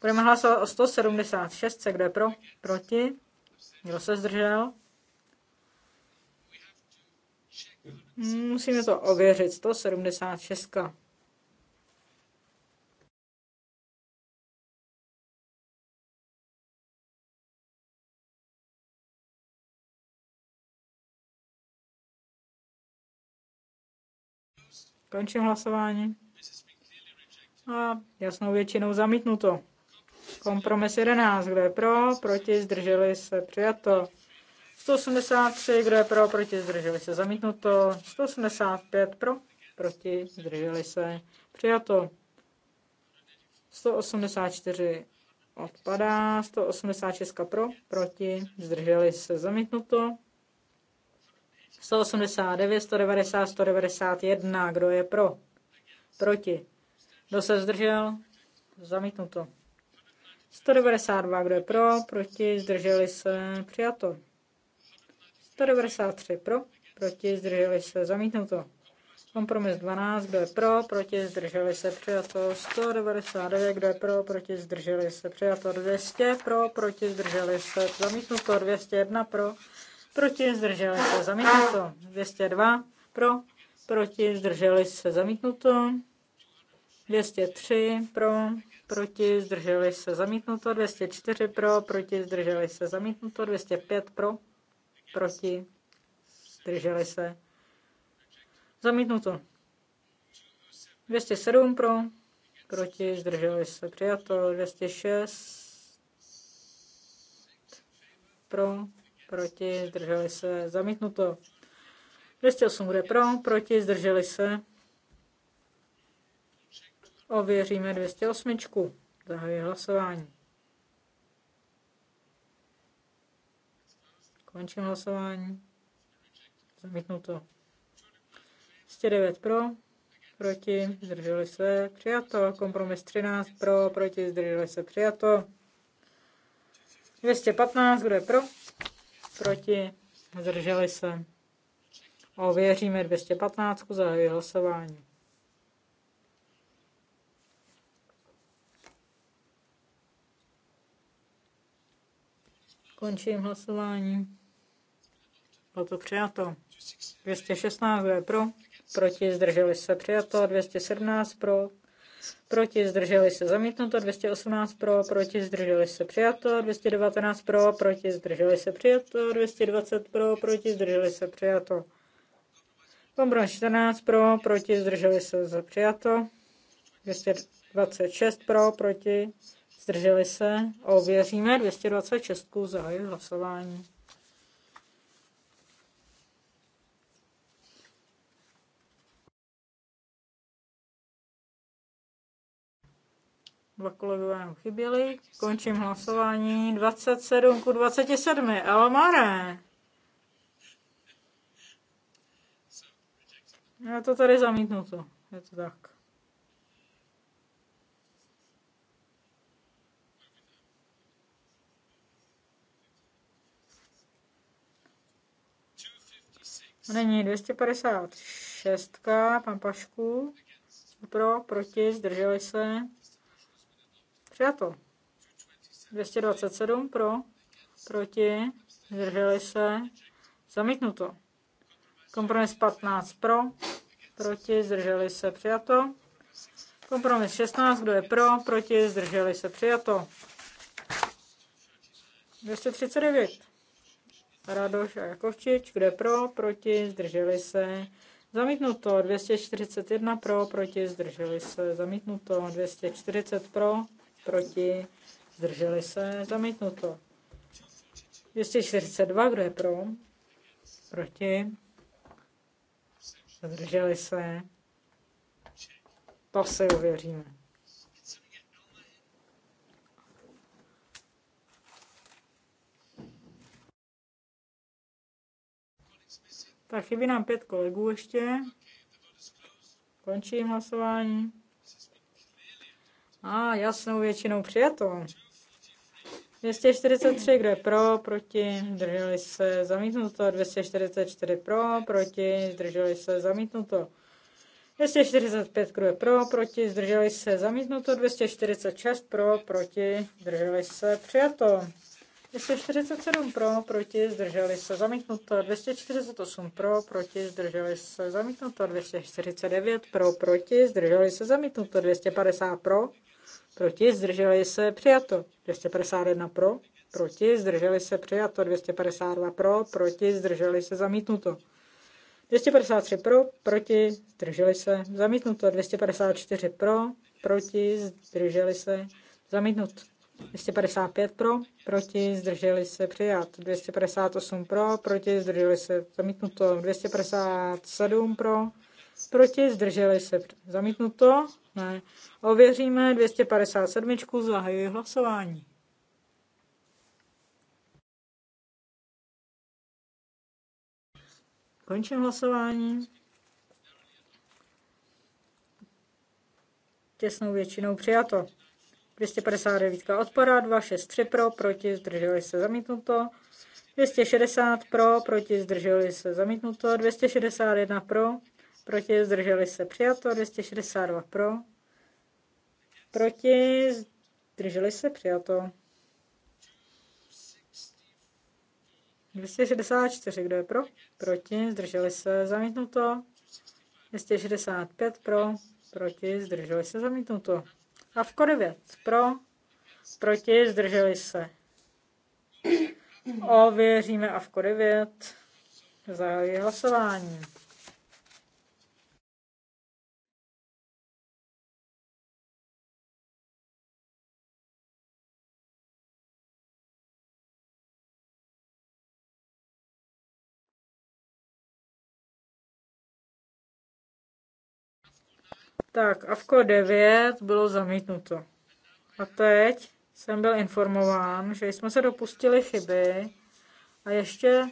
budeme hlasovat o 176, kdo je pro, proti, kdo se zdržel. Musíme to ověřit, 176. Končím hlasování. A jasnou většinou zamítnuto. Kompromis 11, kdo je pro, proti, zdrželi se, přijato. 183, kdo je pro, proti, zdrželi se, zamítnuto. 185 pro, proti, zdrželi se, přijato. 184 odpadá, 186 pro, proti, zdrželi se, zamítnuto. 189, 190, 191. Kdo je pro? Proti. Kdo se zdržel? Zamítnuto. 192. Kdo je pro? Proti. Zdrželi se. Přijato. 193. Pro? Proti. Zdrželi se. Zamítnuto. Kompromis 12, kdo je pro, proti, zdrželi se, přijato 199, kdo je pro, proti, zdrželi se, přijato 200, pro, proti, zdrželi se, zamítnuto 201, pro, proti, zdrželi se, zamítnuto. 202 pro, proti, zdrželi se, zamítnuto. 203 pro, proti, zdrželi se, zamítnuto. 204 pro, proti, zdrželi se, zamítnuto. 205 pro, proti, zdrželi se, zamítnuto. 207 pro, proti, zdrželi se, přijato. 206 pro, proti, zdrželi se, zamítnuto. 208 bude pro, proti, zdrželi se. Ověříme 208. Zahajuji hlasování. Končím hlasování. Zamítnuto. 109 pro, proti, zdrželi se, přijato. Kompromis 13 pro, proti, zdrželi se, přijato. 215, kdo je pro? proti, zdrželi se. Ověříme 215, zahajuji hlasování. Končím hlasování. Bylo to přijato. 216 je pro, proti zdrželi se přijato, 217 pro, proti zdrželi se zamítnuto, 218 pro, proti zdrželi se přijato, 219 pro, proti zdrželi se přijato, 220 pro, proti zdrželi se přijato. Kompromis 14 pro, proti zdrželi se za přijato, 226 pro, proti zdrželi se, ověříme 226 za hlasování. Dva kolegové mu chyběli. Končím hlasování. 27 ku 27. Elmare. Já to tady zamítnu to. Je to tak. Není 256, pan Pašku. Pro, proti, zdrželi se. Přijato. 227 pro, proti, zdrželi se, zamítnuto. Kompromis 15 pro, proti, zdrželi se, přijato. Kompromis 16, kdo je pro, proti, zdrželi se, přijato. 239. Radoš a Jakovčič, kdo je pro, proti, zdrželi se, zamítnuto. 241 pro, proti, zdrželi se, zamítnuto. 240 pro, proti, zdrželi se, zamítnuto. 242, kdo je pro, proti, zdrželi se, to si uvěříme. Tak chybí nám pět kolegů ještě. Končím hlasování. A ah, jasnou většinou přijato. 243, kdo je pro, proti, zdrželi se, zamítnuto. 244 pro, proti, zdrželi se, zamítnuto. 245, kdo je pro, proti, zdrželi se, zamítnuto. 246 pro, proti, zdrželi se, přijato. 247 pro, proti, zdrželi se, zamítnuto, 248 pro, proti, zdrželi se, zamítnuto, 249 pro, proti, zdrželi se, zamítnuto, 250 pro, proti, zdrželi se, přijato. 251 pro, proti, zdrželi se, přijato. 252 pro, proti, zdrželi se, zamítnuto. 253 pro, proti, zdrželi se, zamítnuto. 254 pro, proti, zdrželi se, zamítnut. 255 pro, proti, zdrželi se, přijat. 258 pro, proti, zdrželi se, zamítnuto. 257 pro, proti, zdrželi se. Zamítnuto? Ne. Ověříme 257. Zahajuji hlasování. Končím hlasování. Těsnou většinou přijato. 259 odpadá, 263 pro, proti, zdrželi se zamítnuto. 260 pro, proti, zdrželi se zamítnuto. 261 pro, proti, zdrželi se přijato, 262 pro, proti, zdrželi se přijato. 264, kdo je pro? Proti, zdrželi se, zamítnuto. 265 pro, proti, zdrželi se, zamítnuto. A v 9 pro, proti, zdrželi se. Ověříme a v 9 zahajuji hlasování. Tak, AVKO 9 bylo zamítnuto. A teď jsem byl informován, že jsme se dopustili chyby a ještě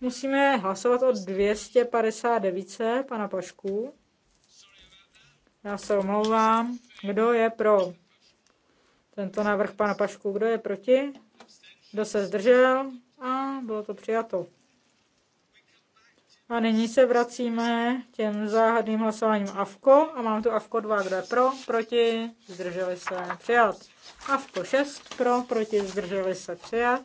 musíme hlasovat o 259 pana Pašku. Já se omlouvám. Kdo je pro tento návrh pana Pašku? Kdo je proti? Kdo se zdržel? A bylo to přijato. A nyní se vracíme těm záhadným hlasováním AFKO. A mám tu AFKO 2, kdo je pro, proti, zdrželi se, přijat. AFKO 6, pro, proti, zdrželi se, přijat.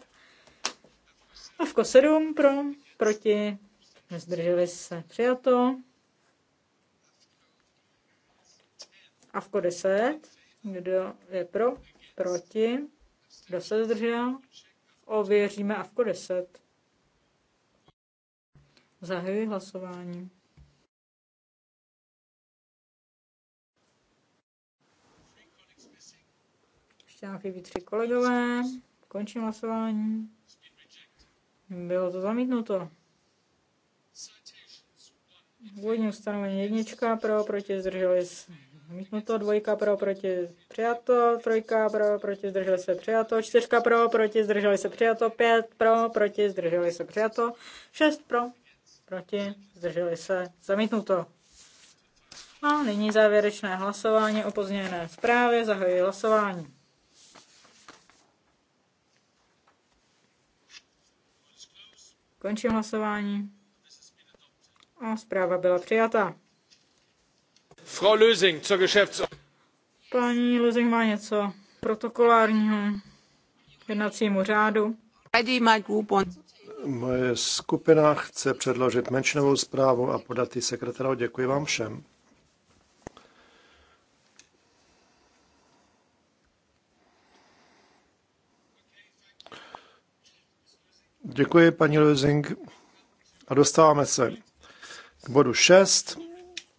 AFKO 7, pro, proti, zdrželi se, přijato. AFKO 10, kdo je pro, proti, kdo se zdržel. Ověříme AFKO 10. Zahajuji hlasování. Ještě nám chybí tři kolegové. Končím hlasování. Bylo to zamítnuto. Původní ustanovení jednička pro, proti zdrželi se. Zamítnuto dvojka pro, proti přijato, trojka pro, proti zdrželi se přijato, čtyřka pro, proti zdrželi se přijato, pět pro, proti zdrželi se přijato, šest pro, proti, zdrželi se, zamítnuto. A nyní závěrečné hlasování o pozměněné zprávě. Zahajuji hlasování. Končím hlasování. A zpráva byla přijata. Frau Lösing, co geschäfts... Paní Lösing má něco protokolárního jednacímu řádu. Moje skupina chce předložit menšinovou zprávu a podat ji sekretáru. Děkuji vám všem. Děkuji, paní Lozing. A dostáváme se k bodu 6.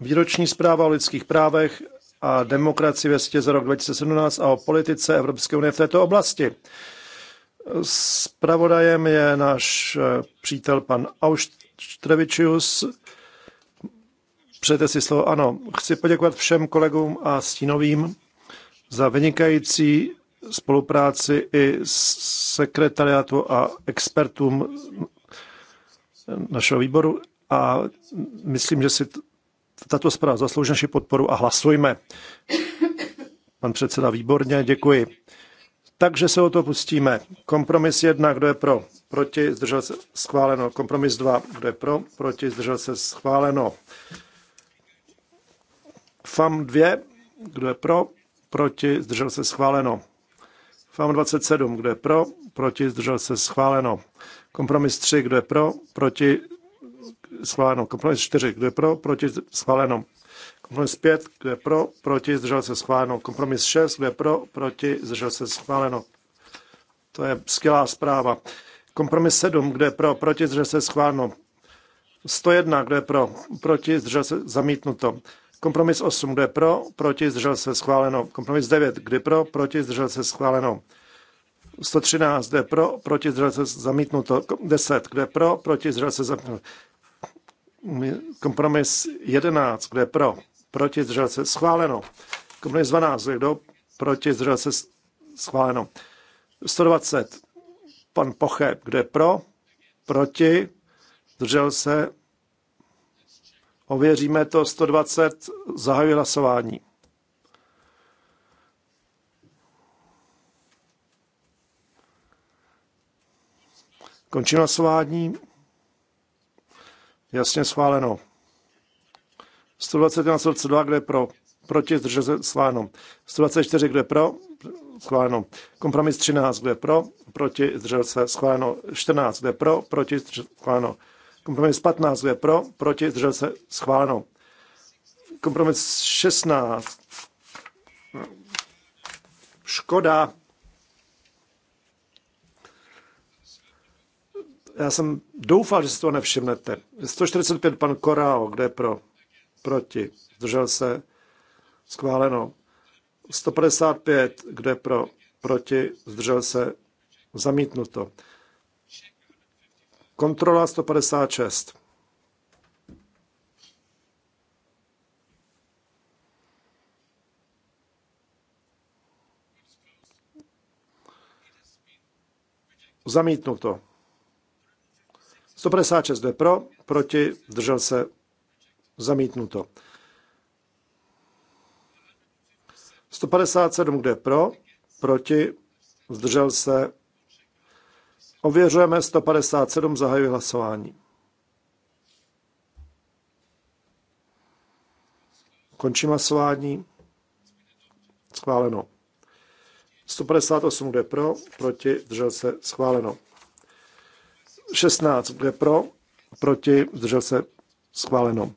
Výroční zpráva o lidských právech a demokracii ve světě za rok 2017 a o politice Evropské unie v této oblasti. Spravodajem je náš eh, přítel pan Auštrevičius. Přejete si slovo? Ano. Chci poděkovat všem kolegům a stínovým za vynikající spolupráci i sekretariátu a expertům našeho výboru a myslím, že si tato zpráva zaslouží naši podporu a hlasujme. Pan předseda, výborně, děkuji. Takže se o to pustíme. Kompromis 1, kdo je pro, proti, zdržel se schváleno. Kompromis 2, kdo je pro, proti, zdržel se schváleno. FAM 2, kdo je pro, proti, zdržel se schváleno. FAM 27, kdo je pro, proti, zdržel se schváleno. Kompromis 3, kdo je pro, proti, schváleno. Kompromis 4, kdo je pro, proti, schváleno. Kompromis 5, kdo je pro, proti, zdržel se schváleno. Kompromis 6, kdo je pro, proti, zdržel se schváleno. To je skvělá zpráva. Kompromis 7, kdo je pro, proti, zdržel se schváleno. 101, kdo je pro, proti, zdržel se zamítnuto. Kompromis 8, kdo je pro, proti, zdržel se schváleno. Kompromis 9, kdo je pro, proti, zdržel se schváleno. 113, kdo je pro, proti, zdržel se zamítnuto. 10, kdo je pro, proti, zdržel se zamítnuto. Kompromis 11, kdo je pro, proti, zdržel se, schváleno. Komunist 12, kdo proti, zdržel se, schváleno. 120, pan Poche, kdo je pro, proti, zdržel se, ověříme to, 120, zahajuje hlasování. Končím hlasování. Jasně schváleno. 121 102, je pro, proti, zdrže se, schváleno. 124, kde je pro, schváleno. Kompromis 13, kde je pro, proti, zdrže se, schváleno. 14, kde je pro, proti, zdrže se, schváleno. Kompromis 15, kde je pro, proti, zdrže se, schváleno. Kompromis 16, škoda. Já jsem doufal, že si to nevšimnete. 145 pan Korao, kde je pro? proti, zdržel se, schváleno. 155, kdo je pro, proti, zdržel se, zamítnuto. Kontrola 156. Zamítnuto. 156 jde pro, proti, zdržel se, Zamítnuto. 157, kde pro, proti, zdržel se. Ověřujeme 157, zahajuji hlasování. Končím hlasování. Schváleno. 158 kde pro, proti, zdržel se, schváleno. 16 kde pro, proti, zdržel se, schváleno.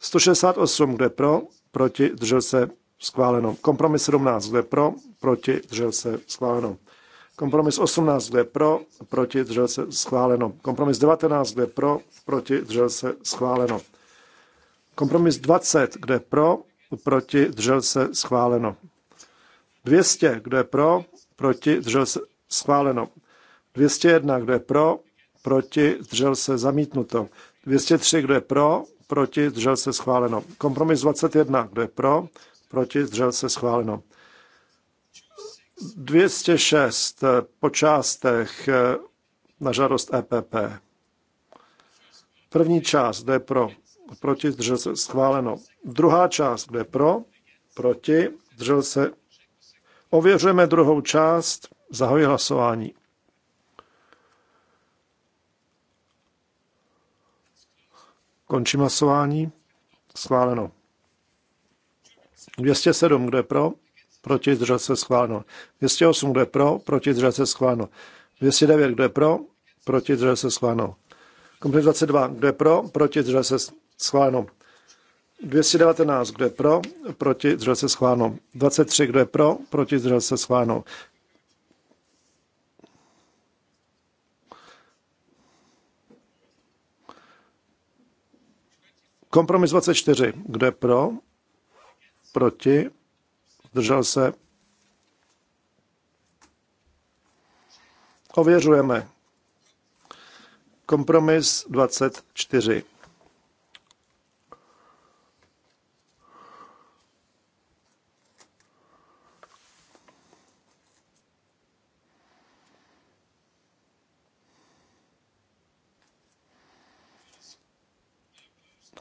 168, kdo je pro, proti, držel se, schváleno. Kompromis 17, kdo je pro, proti, držel se, schváleno. Kompromis 18, kdo je pro, proti, držel se, schváleno. Kompromis 19, kdo je pro, proti, držel se, schváleno. Kompromis 20, kdo je pro, proti, držel se, schváleno. 200, kdo je pro, proti, držel se, schváleno. 201, kdo je pro, proti, držel se, zamítnuto. 203, kdo je pro, proti, zdržel se schváleno. Kompromis 21, kdo je pro, proti, zdržel se schváleno. 206 eh, po částech eh, na žádost EPP. První část, kde je pro, proti, zdržel se schváleno. Druhá část, kde je pro, proti, zdržel se. Ověřujeme druhou část, zahoji hlasování. Končím hlasování. Schváleno. 207, kdo je pro? Proti, zdržel se, schváleno. 208, kdo je pro? Proti, zdržel se, schváleno. 209, kdo je pro? Proti, zdržel se, schváleno. Kompromis 22, kdo je pro? Proti, zdržel se, schváleno. 219, kdo je pro, proti, zdržel se schváleno. 23, kdo je pro, proti, zdržel se schváleno. Kompromis 24. Kdo je pro? Proti? Zdržel se? Ověřujeme. Kompromis 24.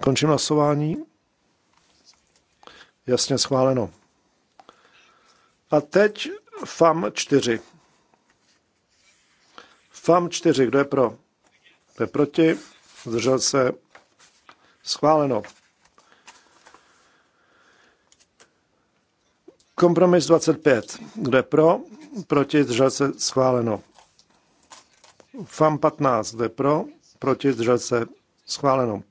Končím hlasování. Jasně schváleno. A teď FAM 4. FAM 4, kdo je pro? Kdo je proti? Zdržel se. Schváleno. Kompromis 25. Kdo je pro? Proti? Zdržel se. Schváleno. FAM 15. Kdo je pro? Proti? Zdržel se. Schváleno.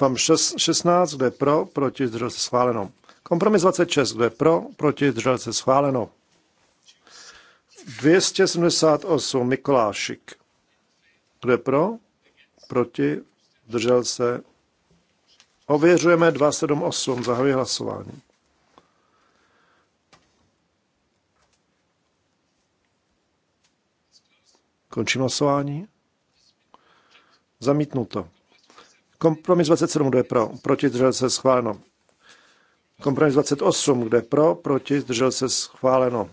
Tam 16, kde je pro, proti, zdržel se schváleno. Kompromis 26, kde je pro, proti, zdržel se schváleno. 278 Mikolášik. Kde je pro? Proti? Držel se? Ověřujeme 278. Zahajuji hlasování. Končím hlasování. Zamítnuto. Kompromis 27, kdo je pro, proti, držel se, schváleno. Kompromis 28, kde pro, proti, držel se, schváleno.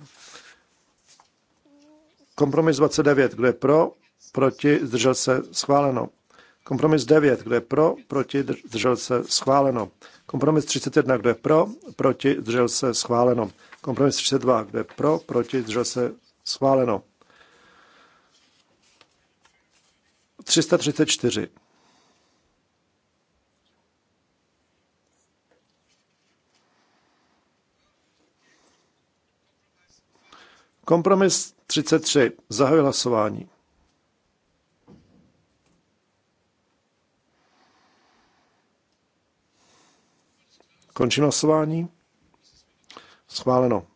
Kompromis 29, kde pro, proti, držel se, schváleno. Kompromis 9, kde pro, proti, držel se, schváleno. Kompromis 31, kde pro, proti, držel se, schváleno. Kompromis 32, kde pro, proti, držel se, schváleno. 334. Kompromis 33. Zahajuji hlasování. Končím hlasování. Schváleno.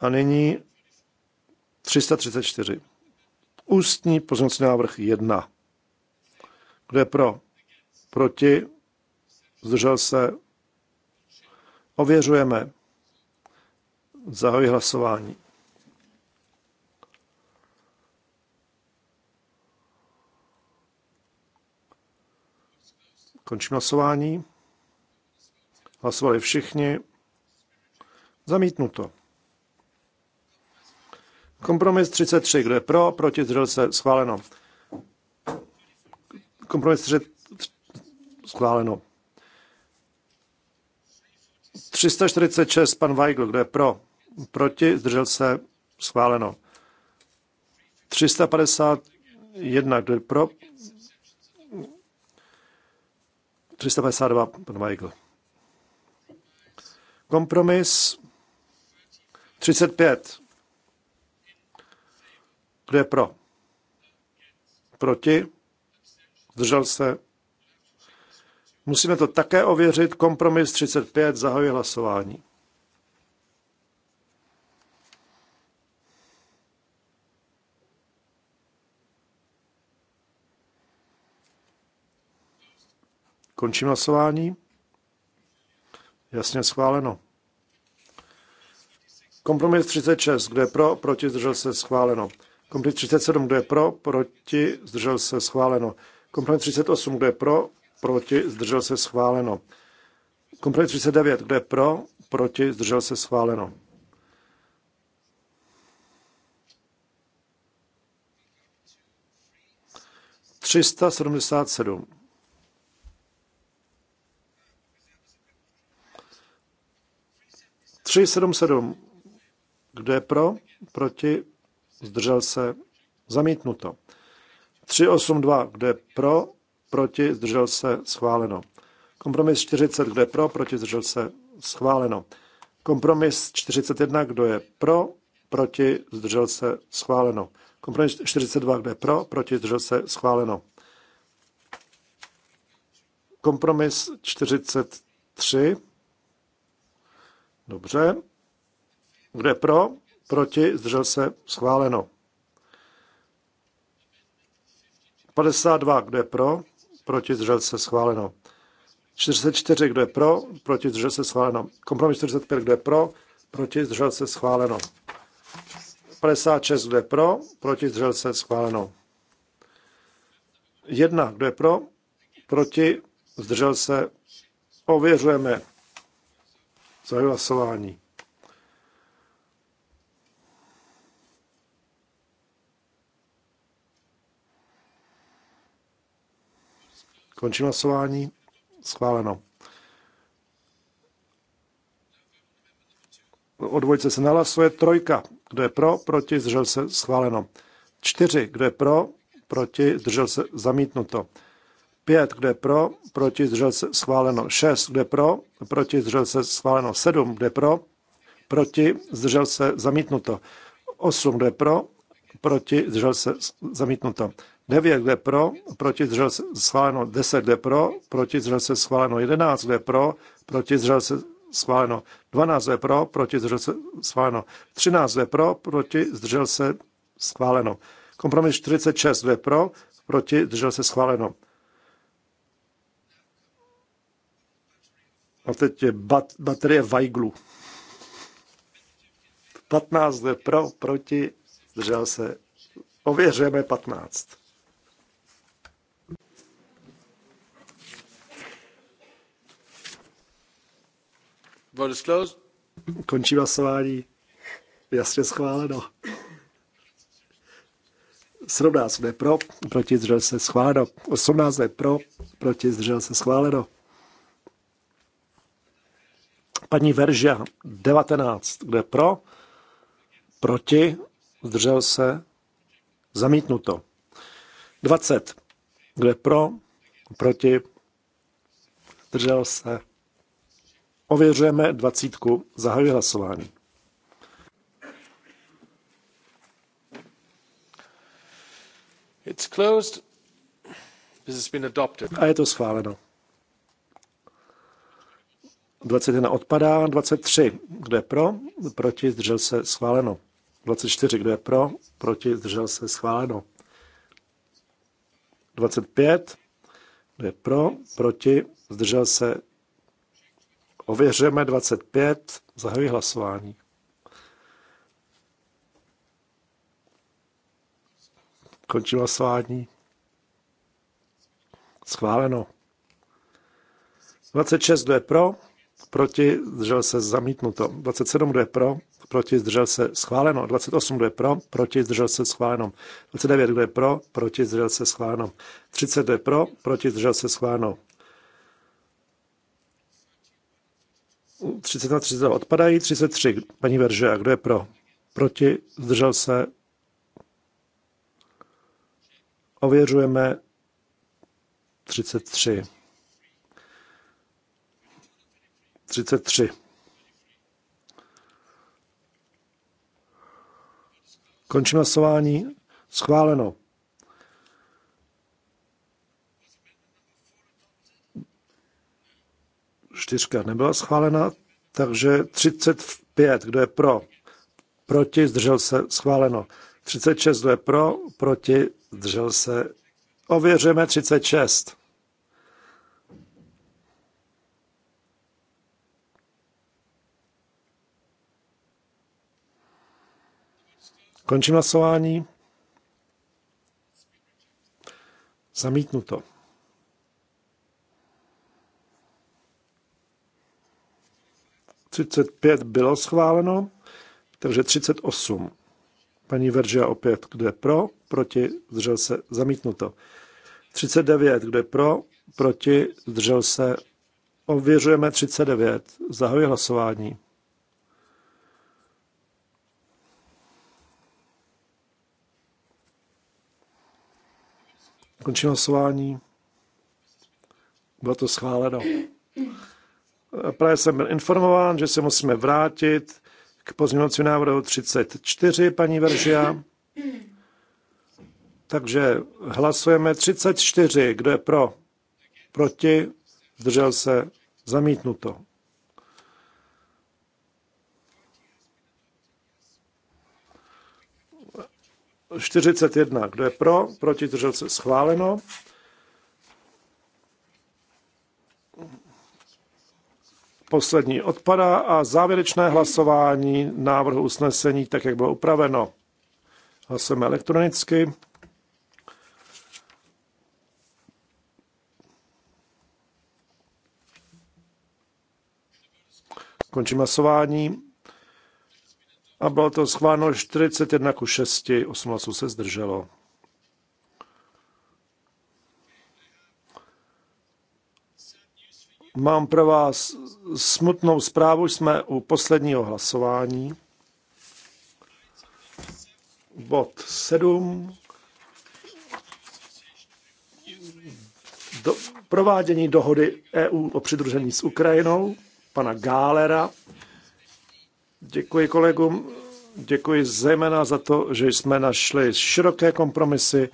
A nyní 334. Ústní pozměňovací návrh 1. Kdo je pro? Proti? zdržel se, ověřujeme. Zahoji hlasování. Končím hlasování. Hlasovali všichni. Zamítnuto. Kompromis 33. Kdo je pro? Proti zdržel se? Schváleno. Kompromis 33. Schváleno. 346, pan Weigl, kdo je pro? Proti, zdržel se, schváleno. 351, kdo je pro? 352, pan Weigl. Kompromis 35. Kdo je pro? Proti? Zdržel se? Musíme to také ověřit. Kompromis 35 zahajuje hlasování. Končím hlasování. Jasně schváleno. Kompromis 36, kdo je pro, proti, zdržel se, schváleno. Kompromis 37, kdo je pro, proti, zdržel se, schváleno. Kompromis 38, kdo je pro, proti, zdržel se schváleno. Kompromis 39, kdo je pro, proti, zdržel se schváleno. Třista sedmdesát sedm. Tři sedm sedm. Kdo je pro? Proti? Zdržel se? Zamítnuto. Tři dva. Kdo je pro? proti, zdržel se, schváleno. Kompromis 40, kdo je pro, proti, zdržel se, schváleno. Kompromis 41, kdo je pro, proti, zdržel se, schváleno. Kompromis 42, kdo je pro, proti, zdržel se, schváleno. Kompromis 43, dobře. Kdo je pro, proti, zdržel se, schváleno. 52, kdo je pro, proti zdržel se schváleno. 44, kdo je pro, proti zdržel se schváleno. Kompromis 45, kdo je pro, proti zdržel se schváleno. 56, kdo je pro, proti zdržel se schváleno. 1, kdo je pro, proti zdržel se ověřujeme. Zahlasování. hlasování. Končím hlasování. Schváleno. O dvojce se nahlasuje trojka. Kdo je pro, proti, zdržel se, schváleno. Čtyři. Kdo je pro, proti, zdržel se, zamítnuto. Pět. Kdo je pro, proti, zdržel se, schváleno. Šest. Kdo je pro, proti, zdržel se, schváleno. Sedm. Kdo je pro, proti, zdržel se, zamítnuto. Osm. Kdo je pro, proti, zdržel se, zamítnuto. 9, kde pro, proti zdržel se schváleno 10, kde pro, proti zdržel se schváleno 11, kde pro, proti zdržel se schváleno 12, kde pro, proti zdržel se schváleno 13, kde pro, proti zdržel se schváleno. Kompromis 46, kde pro, proti zdržel se schváleno. A teď je bat, baterie Vajglu. 15 kde pro, proti, zdržel se. Ověřujeme 15. Vote is closed. Končím hlasování. Jasně schváleno. 17 ne pro, proti zdržel se schváleno. 18 ne pro, proti zdržel se schváleno. Paní Veržia, 19, kde pro, proti, zdržel se, zamítnuto. 20, kde pro, proti, zdržel se, Ověřujeme dvacítku. Zahajuji hlasování. It's closed. This has been adopted. A je to schváleno. 21 odpadá, 23, kdo je pro, proti, zdržel se, schváleno. 24, kdo je pro, proti, zdržel se, schváleno. 25, kdo je pro, proti, zdržel se, Ověřeme 25, zahajuji hlasování. Končím hlasování. Schváleno. 26, kdo je pro, proti, zdržel se zamítnuto. 27, kdo je pro, proti, zdržel se schváleno. 28, kdo je pro, proti, zdržel se schváleno. 29, kdo je pro, proti, zdržel se schváleno. 30, kdo je pro, proti, zdržel se schváleno. 30 a 30 odpadají, 33, paní Verže, a kdo je pro? Proti, zdržel se. Ověřujeme 33. 33. Končím hlasování. Schváleno. Čtyřka nebyla schválena, takže 35, kdo je pro, proti, zdržel se, schváleno. 36, kdo je pro, proti, zdržel se. Ověřujeme 36. Končím hlasování. Zamítnuto. 35 bylo schváleno, takže 38. Paní Veržia opět, kdo je pro, proti, zdržel se, zamítnuto. 39, kdo je pro, proti, zdržel se, ověřujeme 39, zahajuji hlasování. Končím hlasování. Bylo to schváleno. Právě jsem byl informován, že se musíme vrátit k pozměňovacímu návrhu 34, paní Veržia. Takže hlasujeme 34. Kdo je pro? Proti? Zdržel se? Zamítnuto. Čtyřicet jedna. Kdo je pro? Proti? držel se? Schváleno. poslední odpadá a závěrečné hlasování návrhu usnesení, tak jak bylo upraveno. Hlasujeme elektronicky. Končím hlasování. A bylo to schváleno 41 ku 6, 8 se zdrželo. Mám pro vás smutnou zprávu, jsme u posledního hlasování. Bod 7. Do, provádění dohody EU o přidružení s Ukrajinou, pana Gálera. Děkuji kolegům, děkuji zejména za to, že jsme našli široké kompromisy,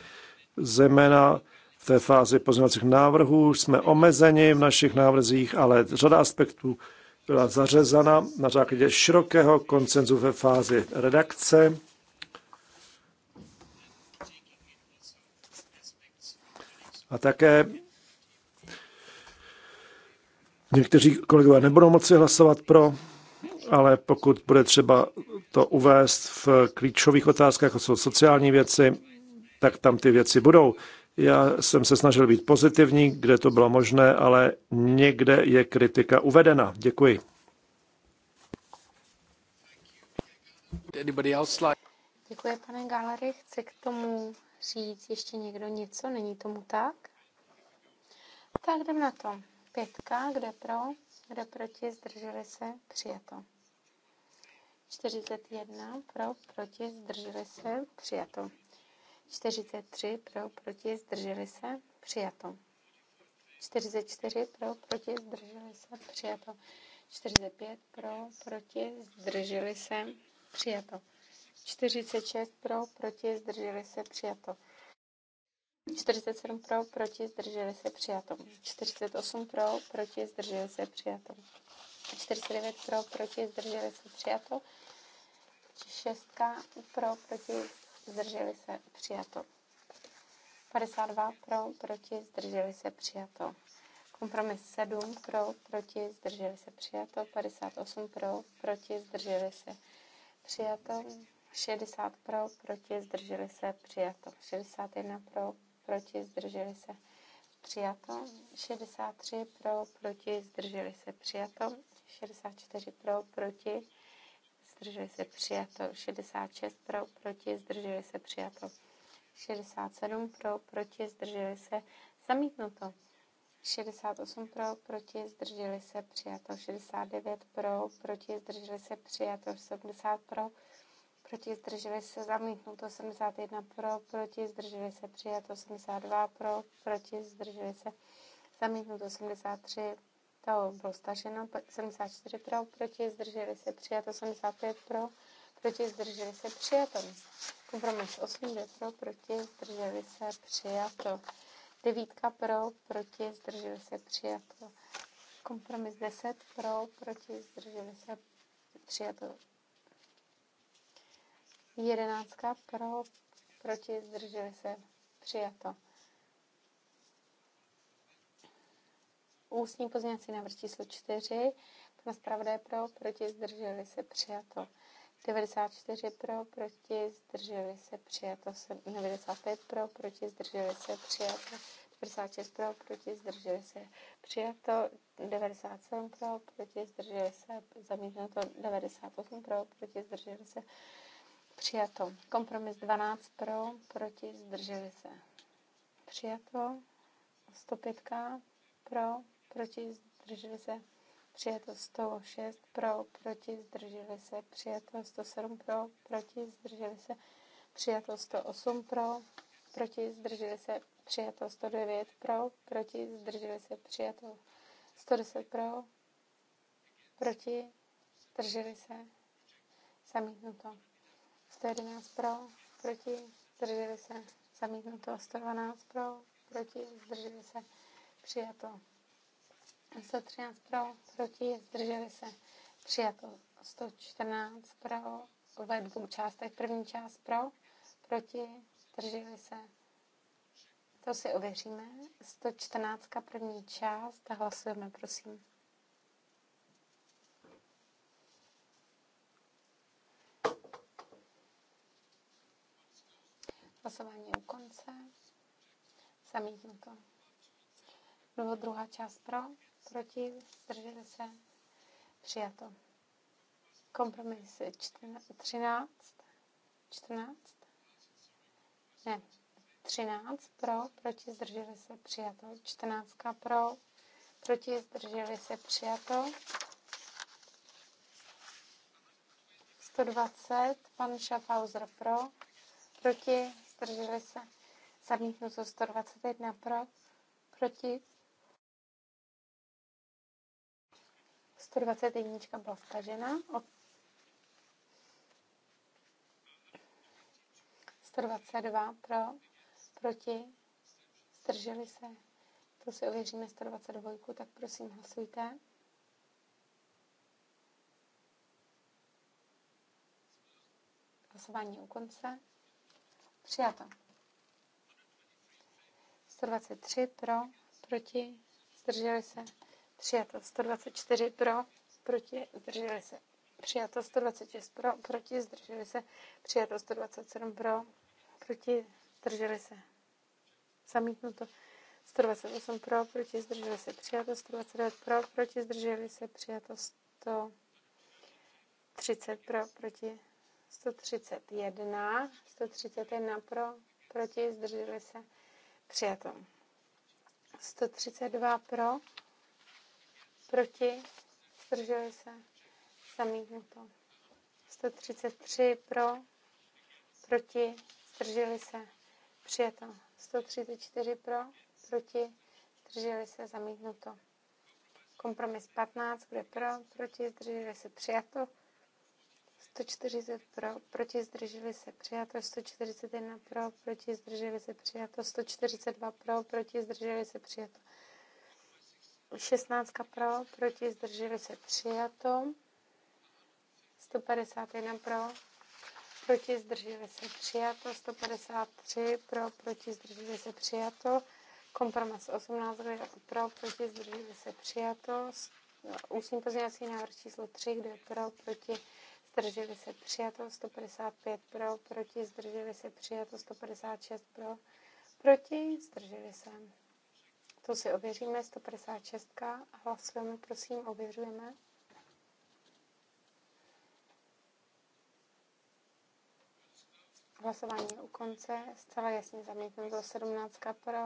zejména v té fázi pozměňovacích návrhů. Jsme omezeni v našich návrzích, ale řada aspektů byla zařezana na základě širokého koncenzu ve fázi redakce. A také někteří kolegové nebudou moci hlasovat pro, ale pokud bude třeba to uvést v klíčových otázkách, jako jsou sociální věci, tak tam ty věci budou. Já jsem se snažil být pozitivní, kde to bylo možné, ale někde je kritika uvedena. Děkuji. Děkuji, pane Galery. Chce k tomu říct ještě někdo něco? Není tomu tak? Tak jdem na to. Pětka, kde pro, kde proti, zdrželi se, přijato. 41 pro, proti, zdrželi se, přijato. 43 pro, proti, zdrželi se, přijato. 44 pro, proti, zdrželi se, přijato. 45 pro, proti, zdrželi se, přijato. 46 pro, proti, zdrželi se, přijato. 47 pro, proti, zdrželi se, přijato. 48 pro, proti, zdrželi se, přijato. 49 pro, proti, zdrželi se, přijato. 6 pro, proti, zdrželi se, přijato. 52 pro, proti, zdrželi se, přijato. Kompromis 7 pro, proti, zdrželi se, přijato. 58 pro, proti, zdrželi se, přijato. 60 pro, proti, zdrželi se, přijato. 61 pro, proti, zdrželi se, přijato. 63 pro, proti, zdrželi se, přijato. 64 pro, proti, zdrželi se přijato, 66 pro, proti, zdrželi se přijato, 67 pro, proti, zdrželi se zamítnuto, 68 pro, proti, zdrželi se přijato, 69 pro, proti, zdrželi se přijato, 70 pro, proti, zdrželi se zamítnuto, 71 pro, proti, zdrželi se přijato, 82 pro, proti, zdrželi se zamítnuto, 83 to bylo staženo, 74 pro, proti, zdrželi se přijato, 75 pro, proti, zdrželi se přijato. Kompromis 8 jde pro, proti, zdrželi se přijato. 9 pro, proti, zdrželi se přijato. Kompromis 10 pro, proti, zdrželi se přijato. 11 pro, proti, zdrželi se přijato. Ústní pozměňovací návrh číslo 4. Pana zpravodaje pro, proti, zdrželi se, přijato. 94 pro, proti, zdrželi se, přijato. 95 pro, proti, zdrželi se, přijato. 96 pro, proti, zdrželi se, přijato. 97 pro, proti, zdrželi se, zamítnuto. 98 pro, proti, zdrželi se, přijato. Kompromis 12 pro, proti, zdrželi se, přijato. 105 pro, proti, zdrželi se, přijato 106 pro, proti, zdrželi se, přijato 107 pro, proti, zdrželi se, přijato 108 pro, proti, zdrželi se, přijato 109 pro, proti, zdrželi se, přijato 110 pro, proti, zdrželi se, zamítnuto 111 pro, proti, zdrželi se, zamítnuto 112 pro, proti, zdrželi se, přijato 113 pro, proti, zdrželi se. Přijato 114 pro, ve dvou částech. První část pro, proti, zdrželi se. To si ověříme. 114 první část a hlasujeme, prosím. Hlasování u konce. Zamítnuto. Druhá část pro proti, zdrželi se, přijato. Kompromis 13, 14, ne, 13 pro, proti, zdrželi se, přijato. 14 pro, proti, zdrželi se, přijato. 120, pan Schaffhauser pro, proti, zdrželi se, zamítnuto 121 pro, proti, 121 byla stažena. 122 pro, proti, zdrželi se. To si ověříme 122, tak prosím hlasujte. Hlasování u konce. Přijato. 123 pro, proti, zdrželi se. Přijato 124 pro, proti, zdrželi se. Přijato 126 pro, proti, zdrželi se. Přijato 127 pro, proti, zdrželi se. Zamítnuto 128 pro, proti, zdrželi se. Přijato 129 pro, proti, zdrželi se. Přijato 130 pro, proti, 131, 131 pro, proti, zdrželi se. Přijato 132 pro, proti, zdrželi se, zamítnuto. 133 pro, proti, zdrželi se, přijato. 134 pro, proti, zdrželi se, zamítnuto. Kompromis 15, kde pro, proti, zdrželi se, přijato. 140 pro, proti zdrželi se přijato, 141 pro, proti zdrželi se přijato, 142 pro, proti zdrželi se přijato, 16 pro, proti, zdrželi se přijato. 151 pro, proti, zdrželi se přijato. 153 pro, proti, zdrželi se přijato. Kompromis 18 pro, proti, zdrželi se přijato. Ústní pozměňovací návrh číslo 3, kde je pro, proti, zdrželi se přijato. 155 pro, proti, zdrželi se přijato. 156 pro, proti, zdrželi se. To si ověříme, 156. Hlasujeme, prosím, ověřujeme. Hlasování je u konce, zcela jasně zamítnuto 17 pro,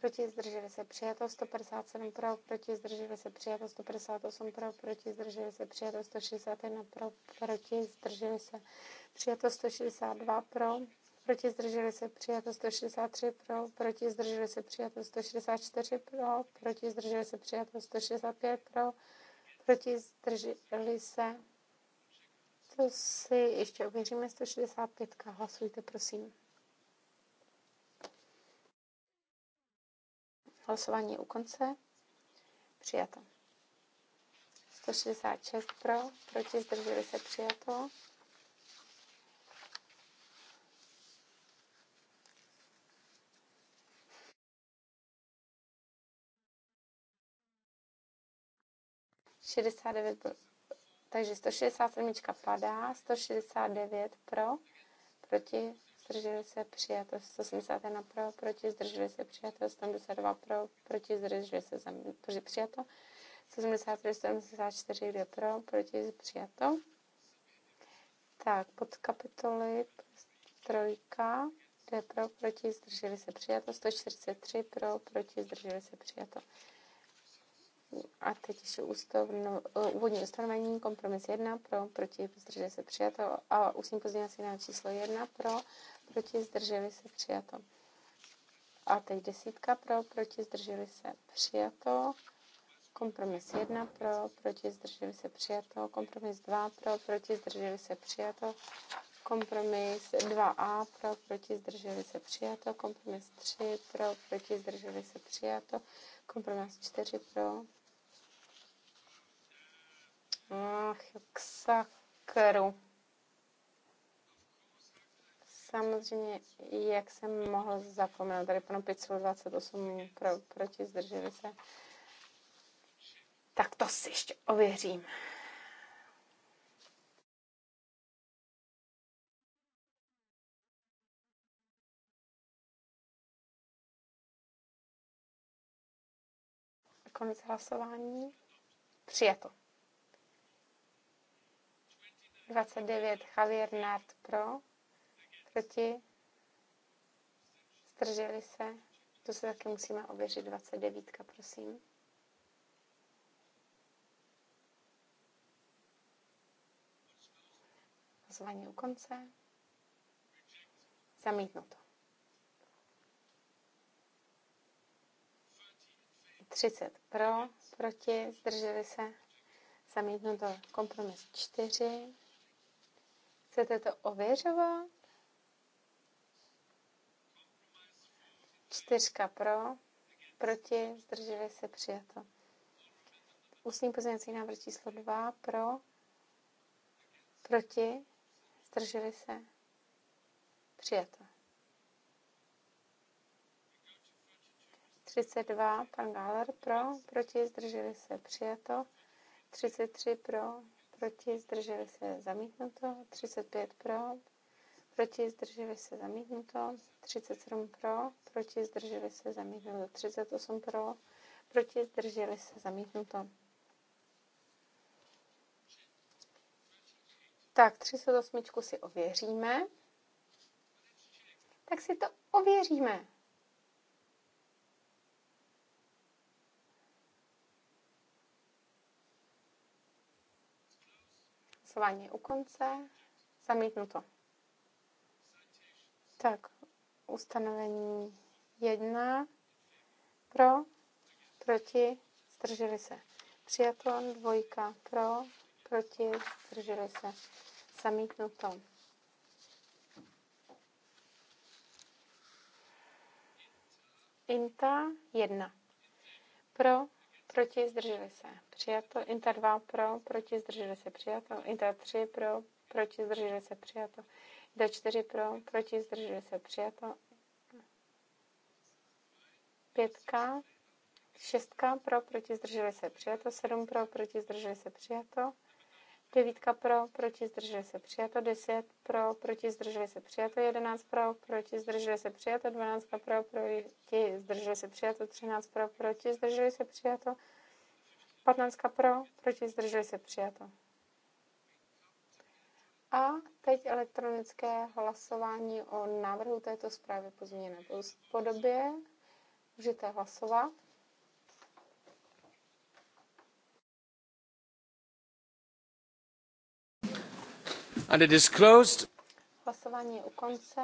proti zdrželi se přijato 157 pro, proti zdrželi se přijato 158 pro, proti zdrželi se přijato 161 pro, proti zdrželi se přijato 162 pro, proti zdrželi se přijato 163 pro, proti zdrželi se přijato 164 pro, proti zdrželi se přijato 165 pro, proti zdrželi se, to si ještě ověříme, 165, hlasujte prosím. Hlasování u konce, přijato. 166 pro, proti zdrželi se přijato. 69 pro, takže 167 padá, 169 pro, proti, zdrželi se přijato 181 pro, proti, zdrželi se přijato 72 pro, proti, zdrželi se proti přijato 173, 174, 2 pro, proti, přijato. Tak, pod kapitoly trojka, 2 pro, proti, zdrželi se přijato, 143 pro, proti, zdrželi se přijato. A teď ještě ústavno, eh, úvodní ustanovení, kompromis 1 pro, proti, zdrželi se přijato a ústní pozměňovací návrh číslo 1 pro, proti, zdrželi se přijato. A teď desítka pro, proti, zdrželi se přijato. Kompromis 1 pro, proti, zdrželi se přijato. Kompromis 2 pro, proti, zdrželi se přijato. Kompromis 2a pro, proti, zdrželi se přijato. Kompromis 3 pro, proti, zdrželi se přijato. Kompromis 4 pro, Ach, jak sakru. Samozřejmě, jak jsem mohl zapomenout, tady panu Picul 28 pro, proti zdrželi se. Tak to si ještě ověřím. konec hlasování. Přijato. 29 Javier Nart pro, proti, zdrželi se, to se taky musíme ověřit, 29, prosím. Hlasování u konce. Zamítnuto. 30 pro, proti, zdrželi se, zamítnuto kompromis 4 Chcete to ověřovat? Čtyřka pro, proti, zdrželi se přijato. Ústní pozměňovací návrh číslo dva, pro, proti, zdrželi se přijato. 32 pan Gáler pro, proti, zdrželi se přijato. 33 pro, proti, zdrželi se zamítnuto, 35 pro, proti, zdrželi se zamítnuto, 37 pro, proti, zdrželi se zamítnuto, 38 pro, proti, zdrželi se zamítnuto. Tak, 38 si ověříme. Tak si to ověříme. Hlasování je u konce. Zamítnuto. Tak, ustanovení jedna Pro, proti, zdrželi se. Přijato, dvojka, pro, proti, zdrželi se. Zamítnuto. Inta jedna Pro, proti, zdrželi se, přijato. Inter 2 pro, proti, zdrželi se, přijato. Inter 3 pro, proti, zdrželi se, přijato. Inter 4 pro, proti, zdrželi se, přijato. Pětka, šestka pro, proti, zdrželi se, přijato. Sedm pro, proti, zdrželi se, přijato. Devítka pro, proti zdrželi se přijato, 10 pro, proti zdrželi se přijato, 11 pro, proti zdrželi se přijato, 12 pro, proti zdrželi se přijato, 13 pro, proti zdrželi se přijato, 15 pro, proti zdrželi se přijato. A teď elektronické hlasování o návrhu této zprávy pozměněné podobě. Můžete hlasovat. and it is closed. Hlasování je u konce.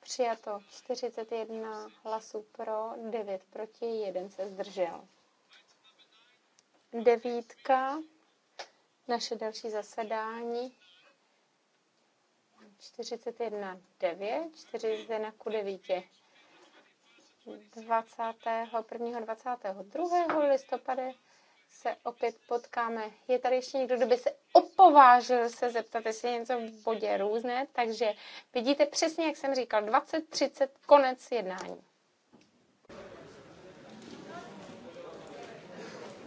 Přijato 41 hlasů pro, 9 proti, 1 se zdržel. Devítka, naše další zasedání 41 9, 41 ku 9. 21. 22. listopadu se opět potkáme. Je tady ještě někdo, kdo by se opovážil se zeptat, jestli něco v bodě různé. Takže vidíte přesně, jak jsem říkal, 20.30 konec jednání.